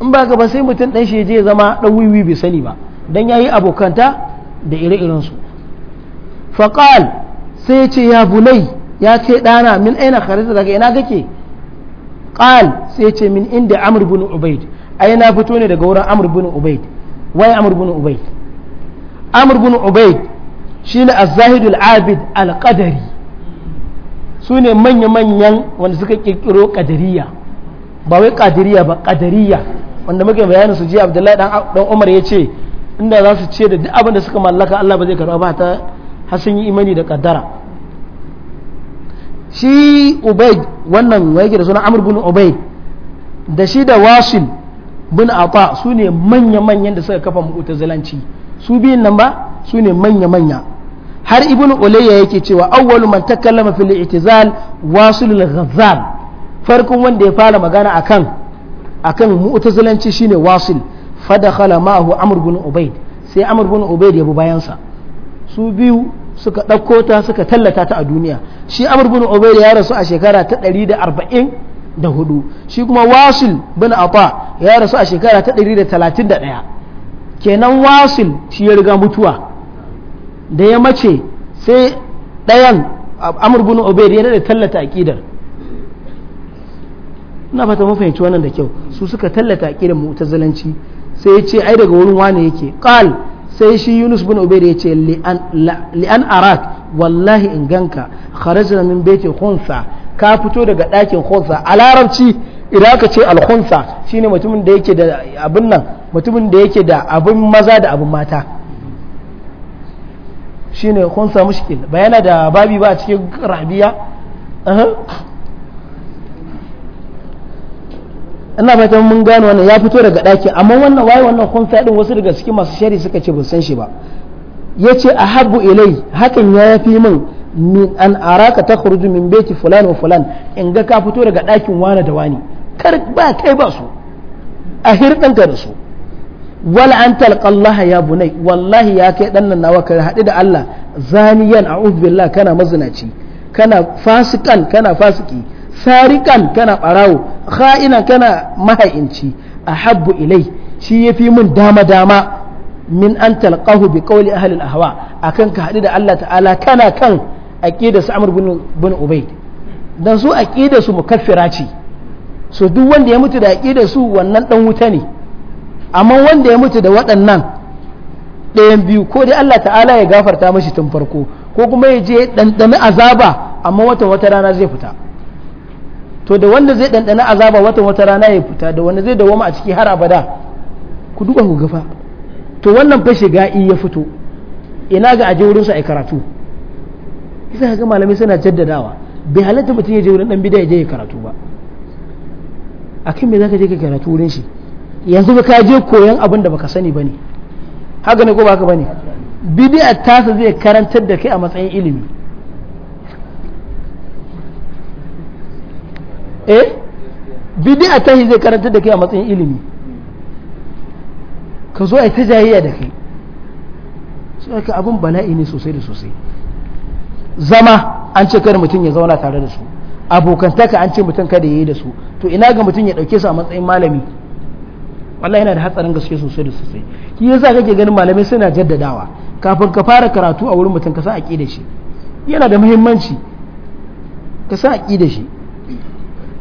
in ba gaba sai mutum ɗan shi je zama ɗan wiwi bai sani ba dan yayi abokanta da ire-iren su sai ya ce ya bunai ya ce ɗana min aina kharita daga ina kake qal sai ce min inda amr bin ubaid ai na fito ne daga wurin amr bin ubaid wai amr bin ubaid amr bin ubaid shi az-zahidul abid al su ne manya-manyan wanda suka kirkiro kadiriya ba wai kadiriya ba kadiriya wanda muke bayanin su ji abdullahi dan umar ya ce inda za su ce da duk abin da suka mallaka allah ba zai karba ba ta hasin yi imani da kaddara shi ubaid wannan wai da suna amur bin ubaid da shi da wasil bin afa su ne manya-manyan da suka kafa zalanci su biyun nan ba su ne manya-manya har ibn ulayya yake cewa awwalu man takallama fil i'tizal wasul ghazzal farkon wanda ya fara magana akan akan mu'tazilanci shine wasil fadakhala ma'ahu amr bin ubayd sai amr bin ubayd ya bi bayan sa su biyu suka ɗauko ta suka tallata ta a duniya shi amr bin ubayd ya rasu a shekara ta 144 shi kuma wasil bin ata ya rasu a shekara ta 131 kenan wasil shi ya riga mutuwa da ya mace sai ɗayan amur bin obaid ya da tallata aƙidar na fata mun fahimci wannan da kyau su suka tallata aƙidar zalanci sai ya ce ai daga wurin wane yake qal sai shi yunus bin Obed ya ce li'an arak wallahi in ganka kharajna min baiti khunsa ka fito daga ɗakin khunsa a larabci idan aka ce al khunsa shine mutumin da yake da abin mutumin da yake da abin maza da abin mata shine kunsa mushkil ba yana da babi ba a cikin rabiya ina fatan mun gano wannan ya fito daga ɗaki amma wannan waye wannan khunsa din wasu daga cikin masu shari suka ce san shi ba yace ahabbu ilai hakan ya yafi min min an araka takhruju min baiti fulan wa fulan in ga ka fito daga dakin wani da wani kar ba kai ba su a hirɗanta da su wala an talqallaha ya bunai wallahi ya kai dan nan nawa ka haɗu da Allah zaniyan a'udhu billah kana mazinaci kana fasikan kana fasiki sarikan kana barawo kha'ina kana maha'inci ahabbu ilai shi yafi min dama dama min an talqahu bi qawli ahli al-ahwa akan ka haɗu da Allah ta'ala kana kan aqida Sa'mar bin bin Ubayd dan su aqida su mukaffira ce so duk wanda ya mutu da aqida su wannan dan wuta ne amma wanda ya mutu da waɗannan ɗayan biyu ko dai Allah ta'ala ya gafarta mashi tun farko ko kuma ya je ɗanɗani azaba amma watan wata rana zai fita to da wanda zai ɗanɗani azaba watan wata rana ya fita da wanda zai dawoma a ciki har abada ku duba ku gafa to wannan fa shiga in ya fito ina ga aje wurin su ai karatu isa ga malamai suna jaddadawa bai halatta mutum ya je wurin dan bida ya je ya karatu ba akan me zaka je ka karatu wurin shi yanzu ba ka je koyon abin da baka sani bane haka ne ko ba haka bane bid'a tasa zai karantar da kai a matsayin ilimi eh bid'a tahi zai karantar da kai a matsayin ilimi ka zo ai ta jayayya da kai sai ka abin bala'i ne sosai da sosai zama an ce kar mutum ya zauna tare da su abokantaka an ce mutum kada ya yi da su to ina ga mutum ya dauke su a matsayin malami wallahi yana da hatsarin gaske sosai da sosai shi yasa kake ganin malamai suna jaddadawa kafin ka fara karatu a wurin mutum ka sa aqida shi yana da muhimmanci ka sa aqida shi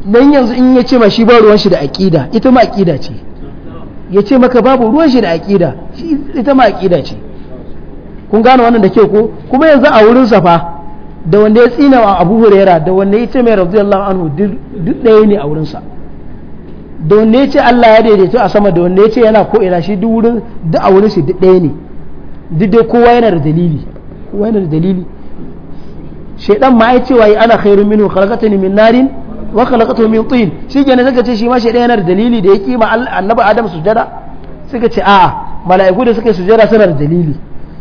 dan yanzu in ya ce ma shi ba ruwan shi da aqida ita ma aqida ce ya ce maka babu ruwan shi da aqida shi ita ma aqida ce kun gane wannan da ke ko kuma yanzu a wurin safa da wanda ya tsina wa Abu Huraira da wanda ya ce mai radiyallahu anhu duk ɗaya ne a wurin sa da wanne ce Allah ya daidaito a sama da wanne ce yana ko ina shi duk wurin duk a wurin shi duk ɗaya ne duk dai kowa yana da dalili kowa yana da dalili shaidan ma ya ce wa ana khairu minhu khalaqatani min narin wa khalaqatahu min tin shi gane saka ce shi ma shaidan yana da dalili da ya kima annabi adam sujada suka ce a'a mala'iku da suka sujada suna da dalili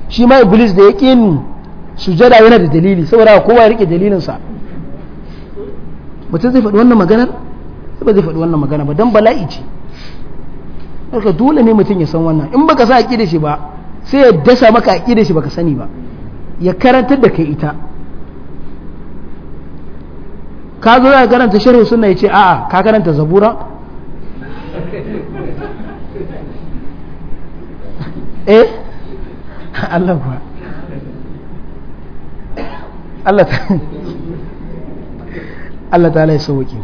shi ma iblis da ya kin sujada yana da dalili saboda kowa ya rike dalilinsa mutum zai faɗi wannan maganar ba zai faɗi wannan magana ba don bala'i ce haka dole ne mutum ya san wannan in baka sa da shi ba sai ya dasa maka da shi baka sani ba ya karantar da kai ita ka zo ya karanta sharhu suna ya ce a'a ka karanta zabura [LAUGHS] eh [LAUGHS] Allah ba Allah ta [LAUGHS] Allah ta ya sauke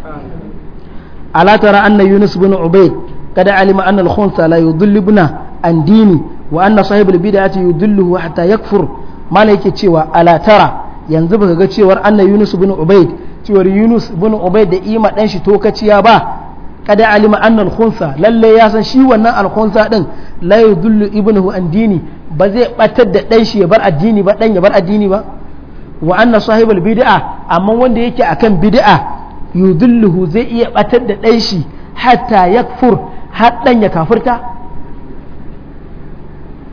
ألا ترى أن يونس بن عبيد قد علم أن الخنثى لا يضل ابنه عن ديني وأن صاحب البدعة يضله حتى يكفر ما لك تشوى ألا ترى ينزبك تشوى أن يونس بن عبيد cewar yunus bin ubaid da ima dan tokaciya ba kada alima annal khunsa lalle ya san shi wannan alkhunsa din la yudullu ibnuhu dini ba zai batar da dan shi ya bar addini ba dan ya bar addini ba wa anna sahibul bid'a amma wanda yake akan bid'a yudilluhu zai iya batar da ɗan shi hatta yakfur haɗan ya kafirta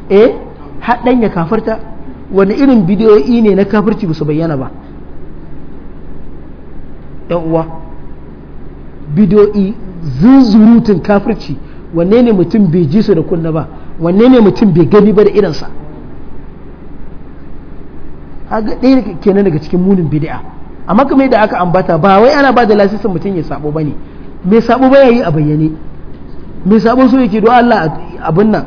eh haɗan ya kafirta wani irin bidiyoyi ne na kafirci ba su bayyana ba yan uwa bidiyoyi zuzurutun kafirci wanne ne mutum bai ji su da kunna ba wanne ne mutum bai gani ba da irinsa ɗaya kenan daga cikin munin bidi'a amma kuma yadda aka ambata ba wai ana ba da lasisin mutum ya sabo ne mai sabo ba yi a bayyane mai sabo so yake don Allah abin nan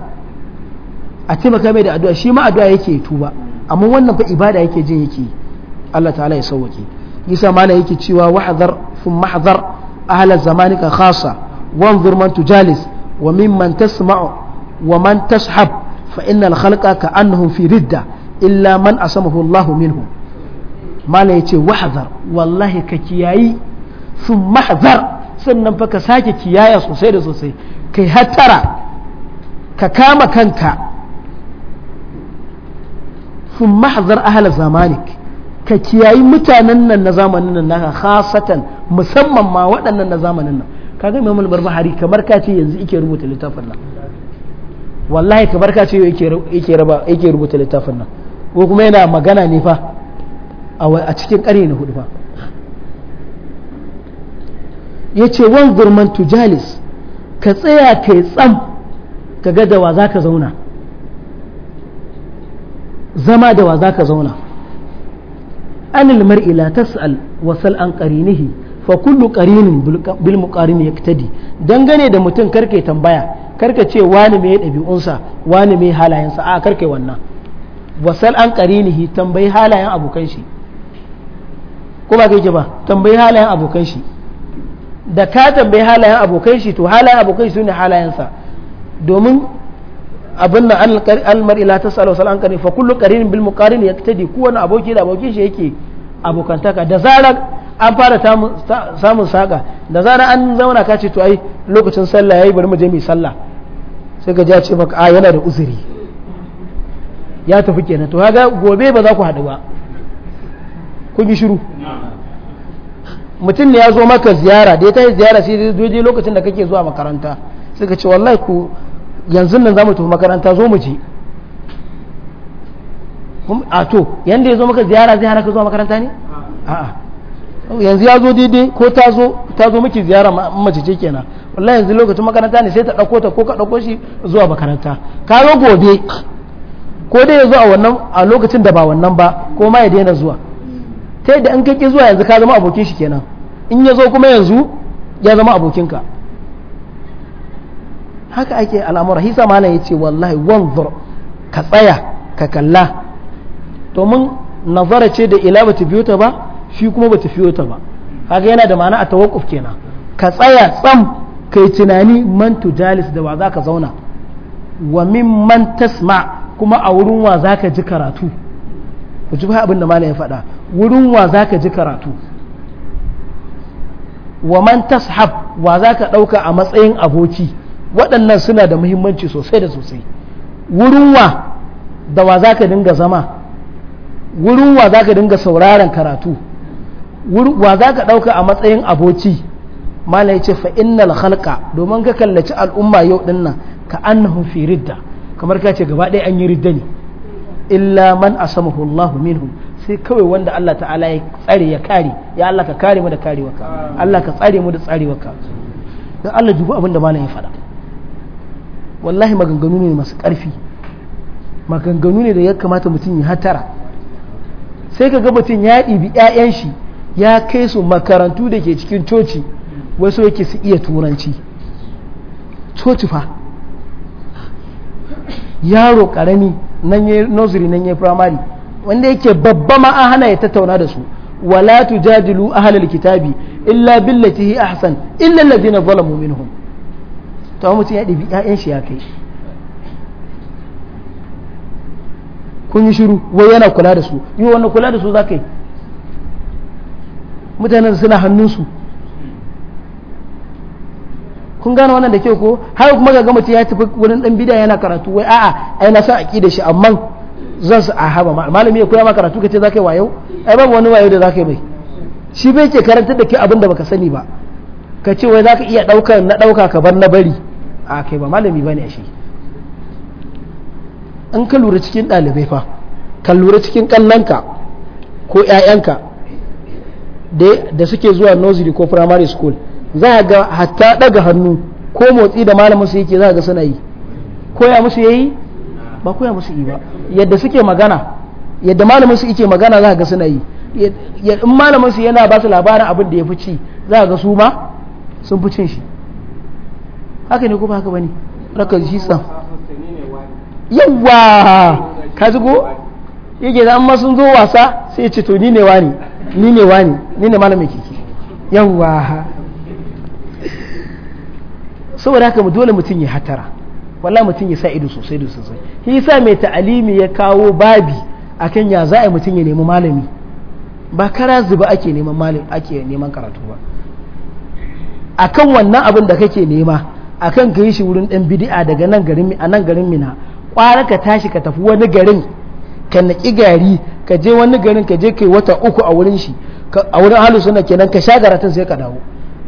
a taimaka mai da addu'a shi ma addu'a yake tuba amma wannan fa ibada yake jin yake Allah ta'ala ya sauwake yasa mana yake cewa wahdhar thum mahdhar ahla zamanika khassa wanzur man tujalis wa mimman tasma'u wa man tashab fa innal khalqa ka'annahum fi ridda illa man asamahu Allah minhum mala ya ce wahazar wallahi ka kiyayi sun mahazar sannan fa ka sake kiyaya sosai da sosai kai hattara ka kama kanka sun mahazar ahal zamanik ka kiyayi mutanen nan na zamanin nan naka khasatan musamman ma waɗannan na zamanin nan kaga imam al-barbahari kamar ka ce yanzu yake rubuta littafin nan wallahi kamar ka ce yake yake rubuta littafin nan ko kuma yana magana ne fa a cikin ƙarni na hudu ba ya ce wan gurman tujalis ka tsaya ka yi tsam ka ga da wa za ka zauna zama da wa za ka zauna anil mar'i la tas'al wasal an qarinihi fa kullu qarinin bil muqarin yaktadi dangane da mutum karke tambaya karka ce wani mai ɗabi'unsa wani mai halayensa a karke wannan wasal an qarinihi tambayi halayen abokan shi ko ba kai ba tambayi halayen abokan shi da ka tambayi halayen abokan shi to halayen abokan shi sune halayensa domin abin nan almar ila ta salo salan kare fa kullu qarin bil muqarin yaktadi wani aboki da abokin shi yake abokantaka da zarar an fara samun saka da zarar an zauna ka ce to ai lokacin sallah yayi bari mu je mu sallah sai ka ji ce maka a yana da uzuri ya tafi kenan to kaga gobe ba za ku haɗu ba kun yi shiru mutum ne ya zo maka ziyara da ya yi ziyara sai zai doje lokacin da kake zuwa makaranta suka ce wallahi ku yanzu nan za mu tafi makaranta zo mu je a to yanda ya zo maka ziyara zai hana ka zuwa makaranta ne a'a yanzu ya zo daidai ko ta zo ta zo miki ziyara mace ce kenan wallahi yanzu lokacin makaranta ne sai ta dauko ta ko ka dauko shi zuwa makaranta ka zo gobe ko dai ya zo a wannan a lokacin da ba wannan ba ko ma ya daina zuwa ta yadda an kake zuwa yanzu ka zama abokin shi kenan in ya zo kuma yanzu ya zama abokinka haka ake al'amura hisa mana ya ce wallahi wanzur ka tsaya ka kalla domin nazara ce da ila bata biyo ta ba shi kuma ba ta ta ba haka yana da ma'ana a tawakkuf kenan ka tsaya tsam kai tunani man jalis da wa za zauna wa min man tasma kuma a wurin wa za ji karatu ku ji abin da malam ya faɗa wurin wa za ka ji karatu wa man tashab wa za ka ɗauka a matsayin aboki waɗannan suna da muhimmanci sosai da sosai wurin wa da wa za ka dinga zama wurin wa za ka dinga sauraron karatu wa za ka ɗauka a matsayin aboki mala ce fa innal halka domin ka kallaci al'umma yau dinnan ka annahum fi ridda kamar ka ce gaba ɗaya an yi ridda ne illa man asamahu Allahu minhum sai kawai wanda Allah ta'ala ya tsare ya kare ya Allah ka kare mu da karewarka Allah ka tsare mu da tsarewarka dan Allah dubu abin da malam ya faɗa wallahi maganganu ne masu ƙarfi maganganu ne da ya kamata mutum ya hatara sai ka ga mutum ya ɗibi 'ya'yan shi ya kai su makarantu da ke cikin coci wasu yake su iya turanci coci fa yaro ƙarami nan ya nursery nan ya primary wanda yake babba ma an hana ya tattauna da su wala tujadilu ahlal kitabi illa billati hi ahsan illa alladhina zalamu minhum to mutum ya dibi ƴaƴan shi ya kai kun yi shiru wai yana kula da su yi wannan kula da su za ka yi mutanen suna hannunsu kun gane wannan da ke ko har kuma ga mutum ya tafi wurin dan bida yana karatu wai a'a ai na san aqida shi amma zan su ahaba malami ya koya ma karatu kace zaka yi wayo ai babu wani wayo da zaka yi mai shi bai ke karantar da ke abin da baka sani ba ka ce wai zaka iya daukar na ɗauka ka bar na bari a kai ba malami ba ne shi in ka lura cikin ɗalibai fa ka lura cikin kallanka ko ƴaƴanka da suke zuwa nursery ko primary school za ga hatta daga hannu ko motsi da malamin su yake za a ga suna yi koya musu yayi ba koya musu yi ba yadda suke magana yadda malamin su yake magana za ga suna yi in malamin su yana ba su labarin abin da ya fi ci za ga su ma sun fi cin shi haka ne ko ba haka bane raka shi sa yawa ka ji ko yake da amma sun zo wasa sai ce to ni ne wani ni ne wani ni ne malamin kiki yawa saboda haka dole mutum ya hatara wallahi mutum ya sa ido sosai da sosai shi yasa mai ta'alimi ya kawo babi akan ya za a mutum ya nemi malami ba kara zuba ake neman malami ake neman karatu ba akan wannan abin da kake nema akan ka yi shi wurin ɗan bidi'a daga nan garin a nan garin mina kwara ka tashi ka tafi wani garin ka naki gari ka je wani garin ka je kai wata uku a wurin shi a wurin halu sunna kenan ka sha garatun sai ka dawo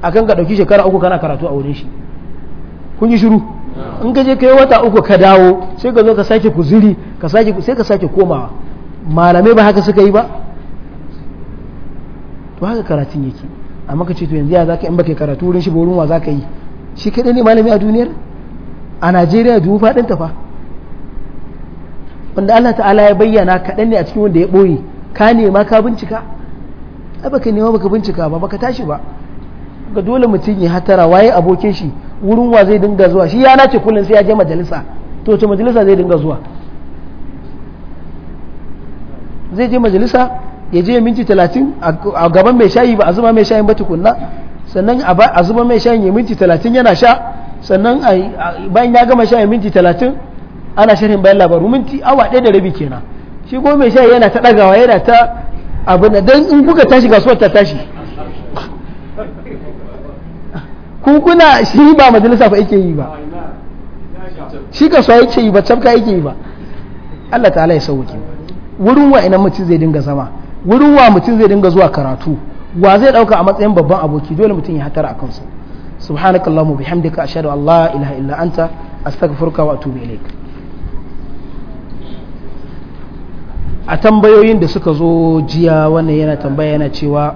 akan ka dauki shekara uku kana karatu a wurin shi kun yi shiru in ka je ka yi wata uku ka dawo sai ka zo ka sake kuzuri ka sake sai ka sake komawa malamai ba haka suka yi ba to haka karatun yake amma ka ce to yanzu ya zaka in yi karatu wurin shi ba wurin wa za ka yi shi kadai ne malami a duniyar a Najeriya dubu faɗin ta fa wanda Allah ta'ala ya bayyana kaɗan ne a cikin wanda ya ɓoye ka ne ma ka bincika ai baka nema baka bincika ba baka tashi ba ga dole mutum ya hatara waye abokin shi wurin wa zai dinga zuwa shi ya nace kullum sai ya je majalisa to ce majalisa zai dinga zuwa zai je majalisa ya je minti talatin a gaban mai shayi ba a zuba mai shayin ba tukunna sannan a zuba mai shayin ya minti talatin yana sha sannan bayan ya gama shayin minti talatin ana sharhin bayan labaru minti awa ɗaya da rabi kenan shi kuma mai shayi yana ta ɗagawa yana ta abu na don in kuka tashi kasuwar ta tashi ku kuna shi ba majalisa fa yake yi ba shi ka so yake yi ba cafka yake yi ba Allah ta'ala ya sauke wurin wa ina mutum zai dinga zama wurin wa mutum zai dinga zuwa karatu wa zai dauka a matsayin babban aboki dole mutum ya hatara a su subhanakallahumma bihamdika ashhadu an la ilaha illa anta astaghfiruka wa atubu ilaik a tambayoyin da suka zo jiya wannan yana tambaya yana cewa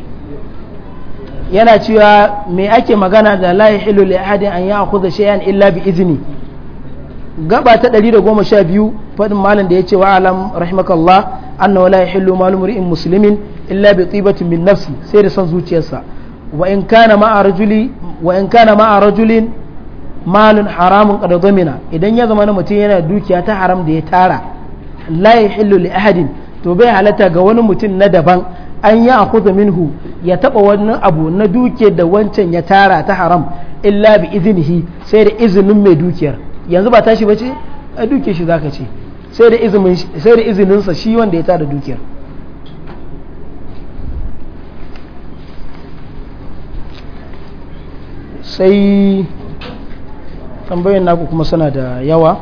yana cewa me ake magana da la yahillu li ahadin an kuza shay'an illa bi izni gaba ta 112 fadin malam da yace wa alam rahimakallah anna wala yahillu malu mur'in muslimin illa bi tibatin min nafsi sai da san zuciyarsa wa in kana ma'a rajuli wa in kana ma'a rajulin malun haramun qad zamina idan ya zama mutum yana dukiya ta haram da ya tara la yahillu li ahadin to bai halatta ga wani mutum na daban an ya akhudha minhu ya taba wannan abu na duke da wancan ya tara ta haram illa bi iznihi sai da izinin mai dukiyar yanzu ba tashi bace a duke shi zaka ce sai da izinin sai da izinin sa shi wanda ya tara dukiyar sai tambayoyin naku kuma suna da yawa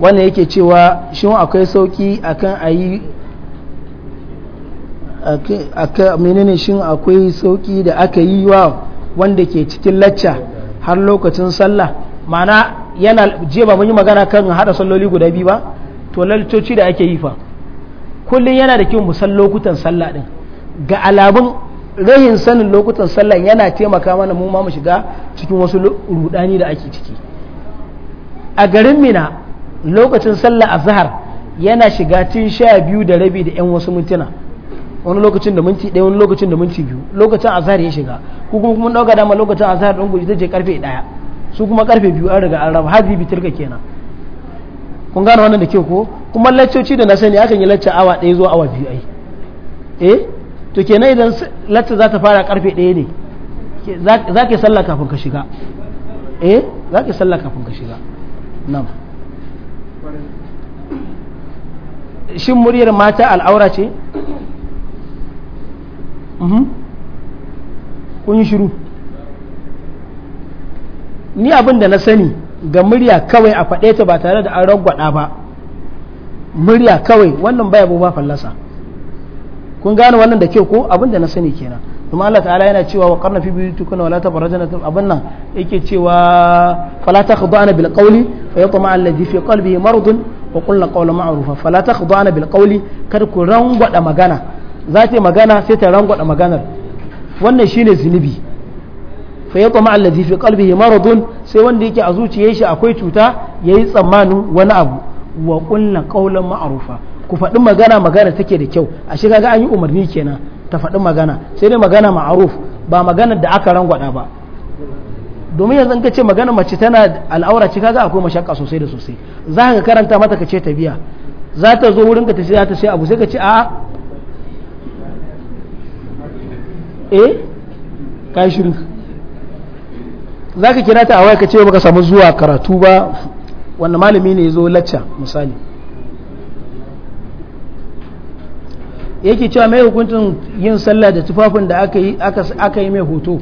wannan yake cewa shin akwai sauki akan ayi aka menene shin akwai sauki da aka yi wa wanda ke cikin lacca har lokacin sallah mana yana je ba mun yi magana kan hada salloli guda biyu ba to lalcoci da ake yi fa kullum yana da kyau musan lokutan sallah din ga alamun rahin sanin lokutan sallah yana taimaka mana mu ma mu shiga cikin wasu rudani da ake ciki a garin mina lokacin sallah azhar yana shiga tun sha biyu da rabi da yan wasu mintuna wani lokacin da minti ɗaya wani lokacin da minti biyu lokacin azhar ya shiga ko kuma mun dauka dama lokacin azhar ɗan guji zai je karfe ɗaya su kuma karfe biyu an riga an raba hadi bi tilka kenan kun gane wannan da ke ko kuma laccoci da na sani akan yi lacca awa ɗaya zuwa awa biyu ai eh to kenan idan lacca za ta fara karfe ɗaya ne za ka sallah kafin ka shiga eh za ka sallah kafin ka shiga nan shin muryar mata al'aura ce Mhm. kun yi shiru ni abin da na sani ga murya kawai a faɗe ta ba tare da an ragwada ba murya kawai wannan baya ba fallasa kun gane wannan da ke ko abin da na sani kenan kuma Allah ta'ala yana cewa wa qarna fi tukuna wala tabarrajna abin nan yake cewa fala takhdana bil qawli fa yatma alladhi fi qalbihi maradun wa qulna qawlan ma'rufa fala takhdana bil qawli kar ku rangwada magana za ta yi magana sai ta rangwada maganar wannan shine zunubi fa kuma allazi fi qalbihi maradun sai wanda yake a zuciyar shi akwai cuta yayi tsammanin wani abu wa qulna qawlan ma'rufa ku faɗi magana magana take da kyau a shiga ga an yi umarni kenan ta faɗi magana sai dai magana ma'ruf ba magana da aka rangwada ba domin yanzu ka ce magana mace tana al'aura ce kaga akwai mashaka sosai da sosai za ka karanta mata ka ce ta biya za ta zo wurin ka ta ce za ta sai abu sai ka ce a'a. eh ka shiru za ka kira ta a waya ka ce baka samu zuwa karatu ba wanda malami ne ya zo lacca misali yake cewa mai hukuncin yin sallah da tufafin da aka yi mai hoto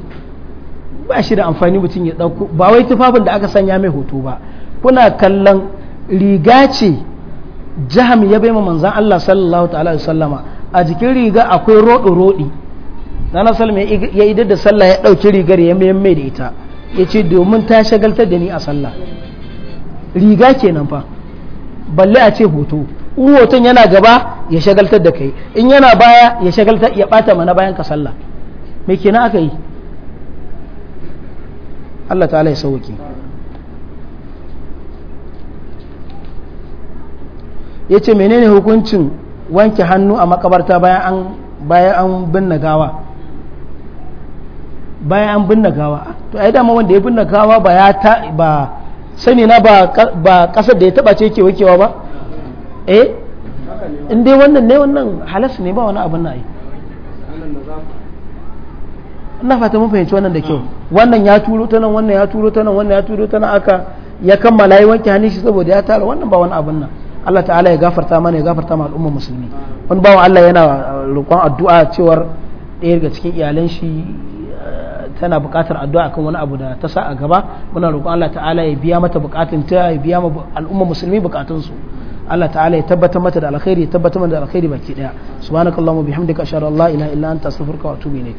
ba shi da amfani mutum ya ɗauko ba wai tufafin da aka sanya mai hoto ba kuna kallon riga ce jaham ya bai ma manzan Allah sallallahu ta'ala a jikin riga akwai roɗo-roɗi nana salma ya idar da sallah ya ɗauki rigar ya mayan mai da ita ya ce domin ta shagaltar da ni a sallah riga kenan fa balle a ce hoto in hoton yana gaba ya shagaltar da kai in yana baya ya shagaltar ya ɓata mana bayan ka sallah me kenan aka yi Allah ta'ala ya sauke ya ce menene hukuncin wanke hannu a makabarta bayan an binne gawa bayan an binne gawa to ai dama wanda ya binne gawa ba ya ta ba sani na ba kasar da ya taba ce ke wakewa ba eh in dai wannan ne wannan halas ne ba wani abin na yi ina fata mun fahimci wannan da kyau wannan ya turo ta nan wannan ya turo ta nan wannan ya turo ta nan aka ya kammala yi wanke hannun shi saboda ya tara wannan ba wani abin nan Allah ta'ala ya gafarta mana ya gafarta ma al'umma musulmi wani bawan Allah yana eh, roƙon addu'a cewar ɗaya daga cikin iyalan shi tana buƙatar addu'a kan wani abu da ta sa a gaba muna roƙon Allah ta'ala ya biya mata buƙatun ta ya biya ma al'umma musulmi buƙatun su Allah ta'ala ya tabbatar mata da alkhairi ya tabbatar mata da alkhairi baki daya subhanakallahumma bihamdika ashhadu an la ilaha illa anta astaghfiruka wa atubu ilaik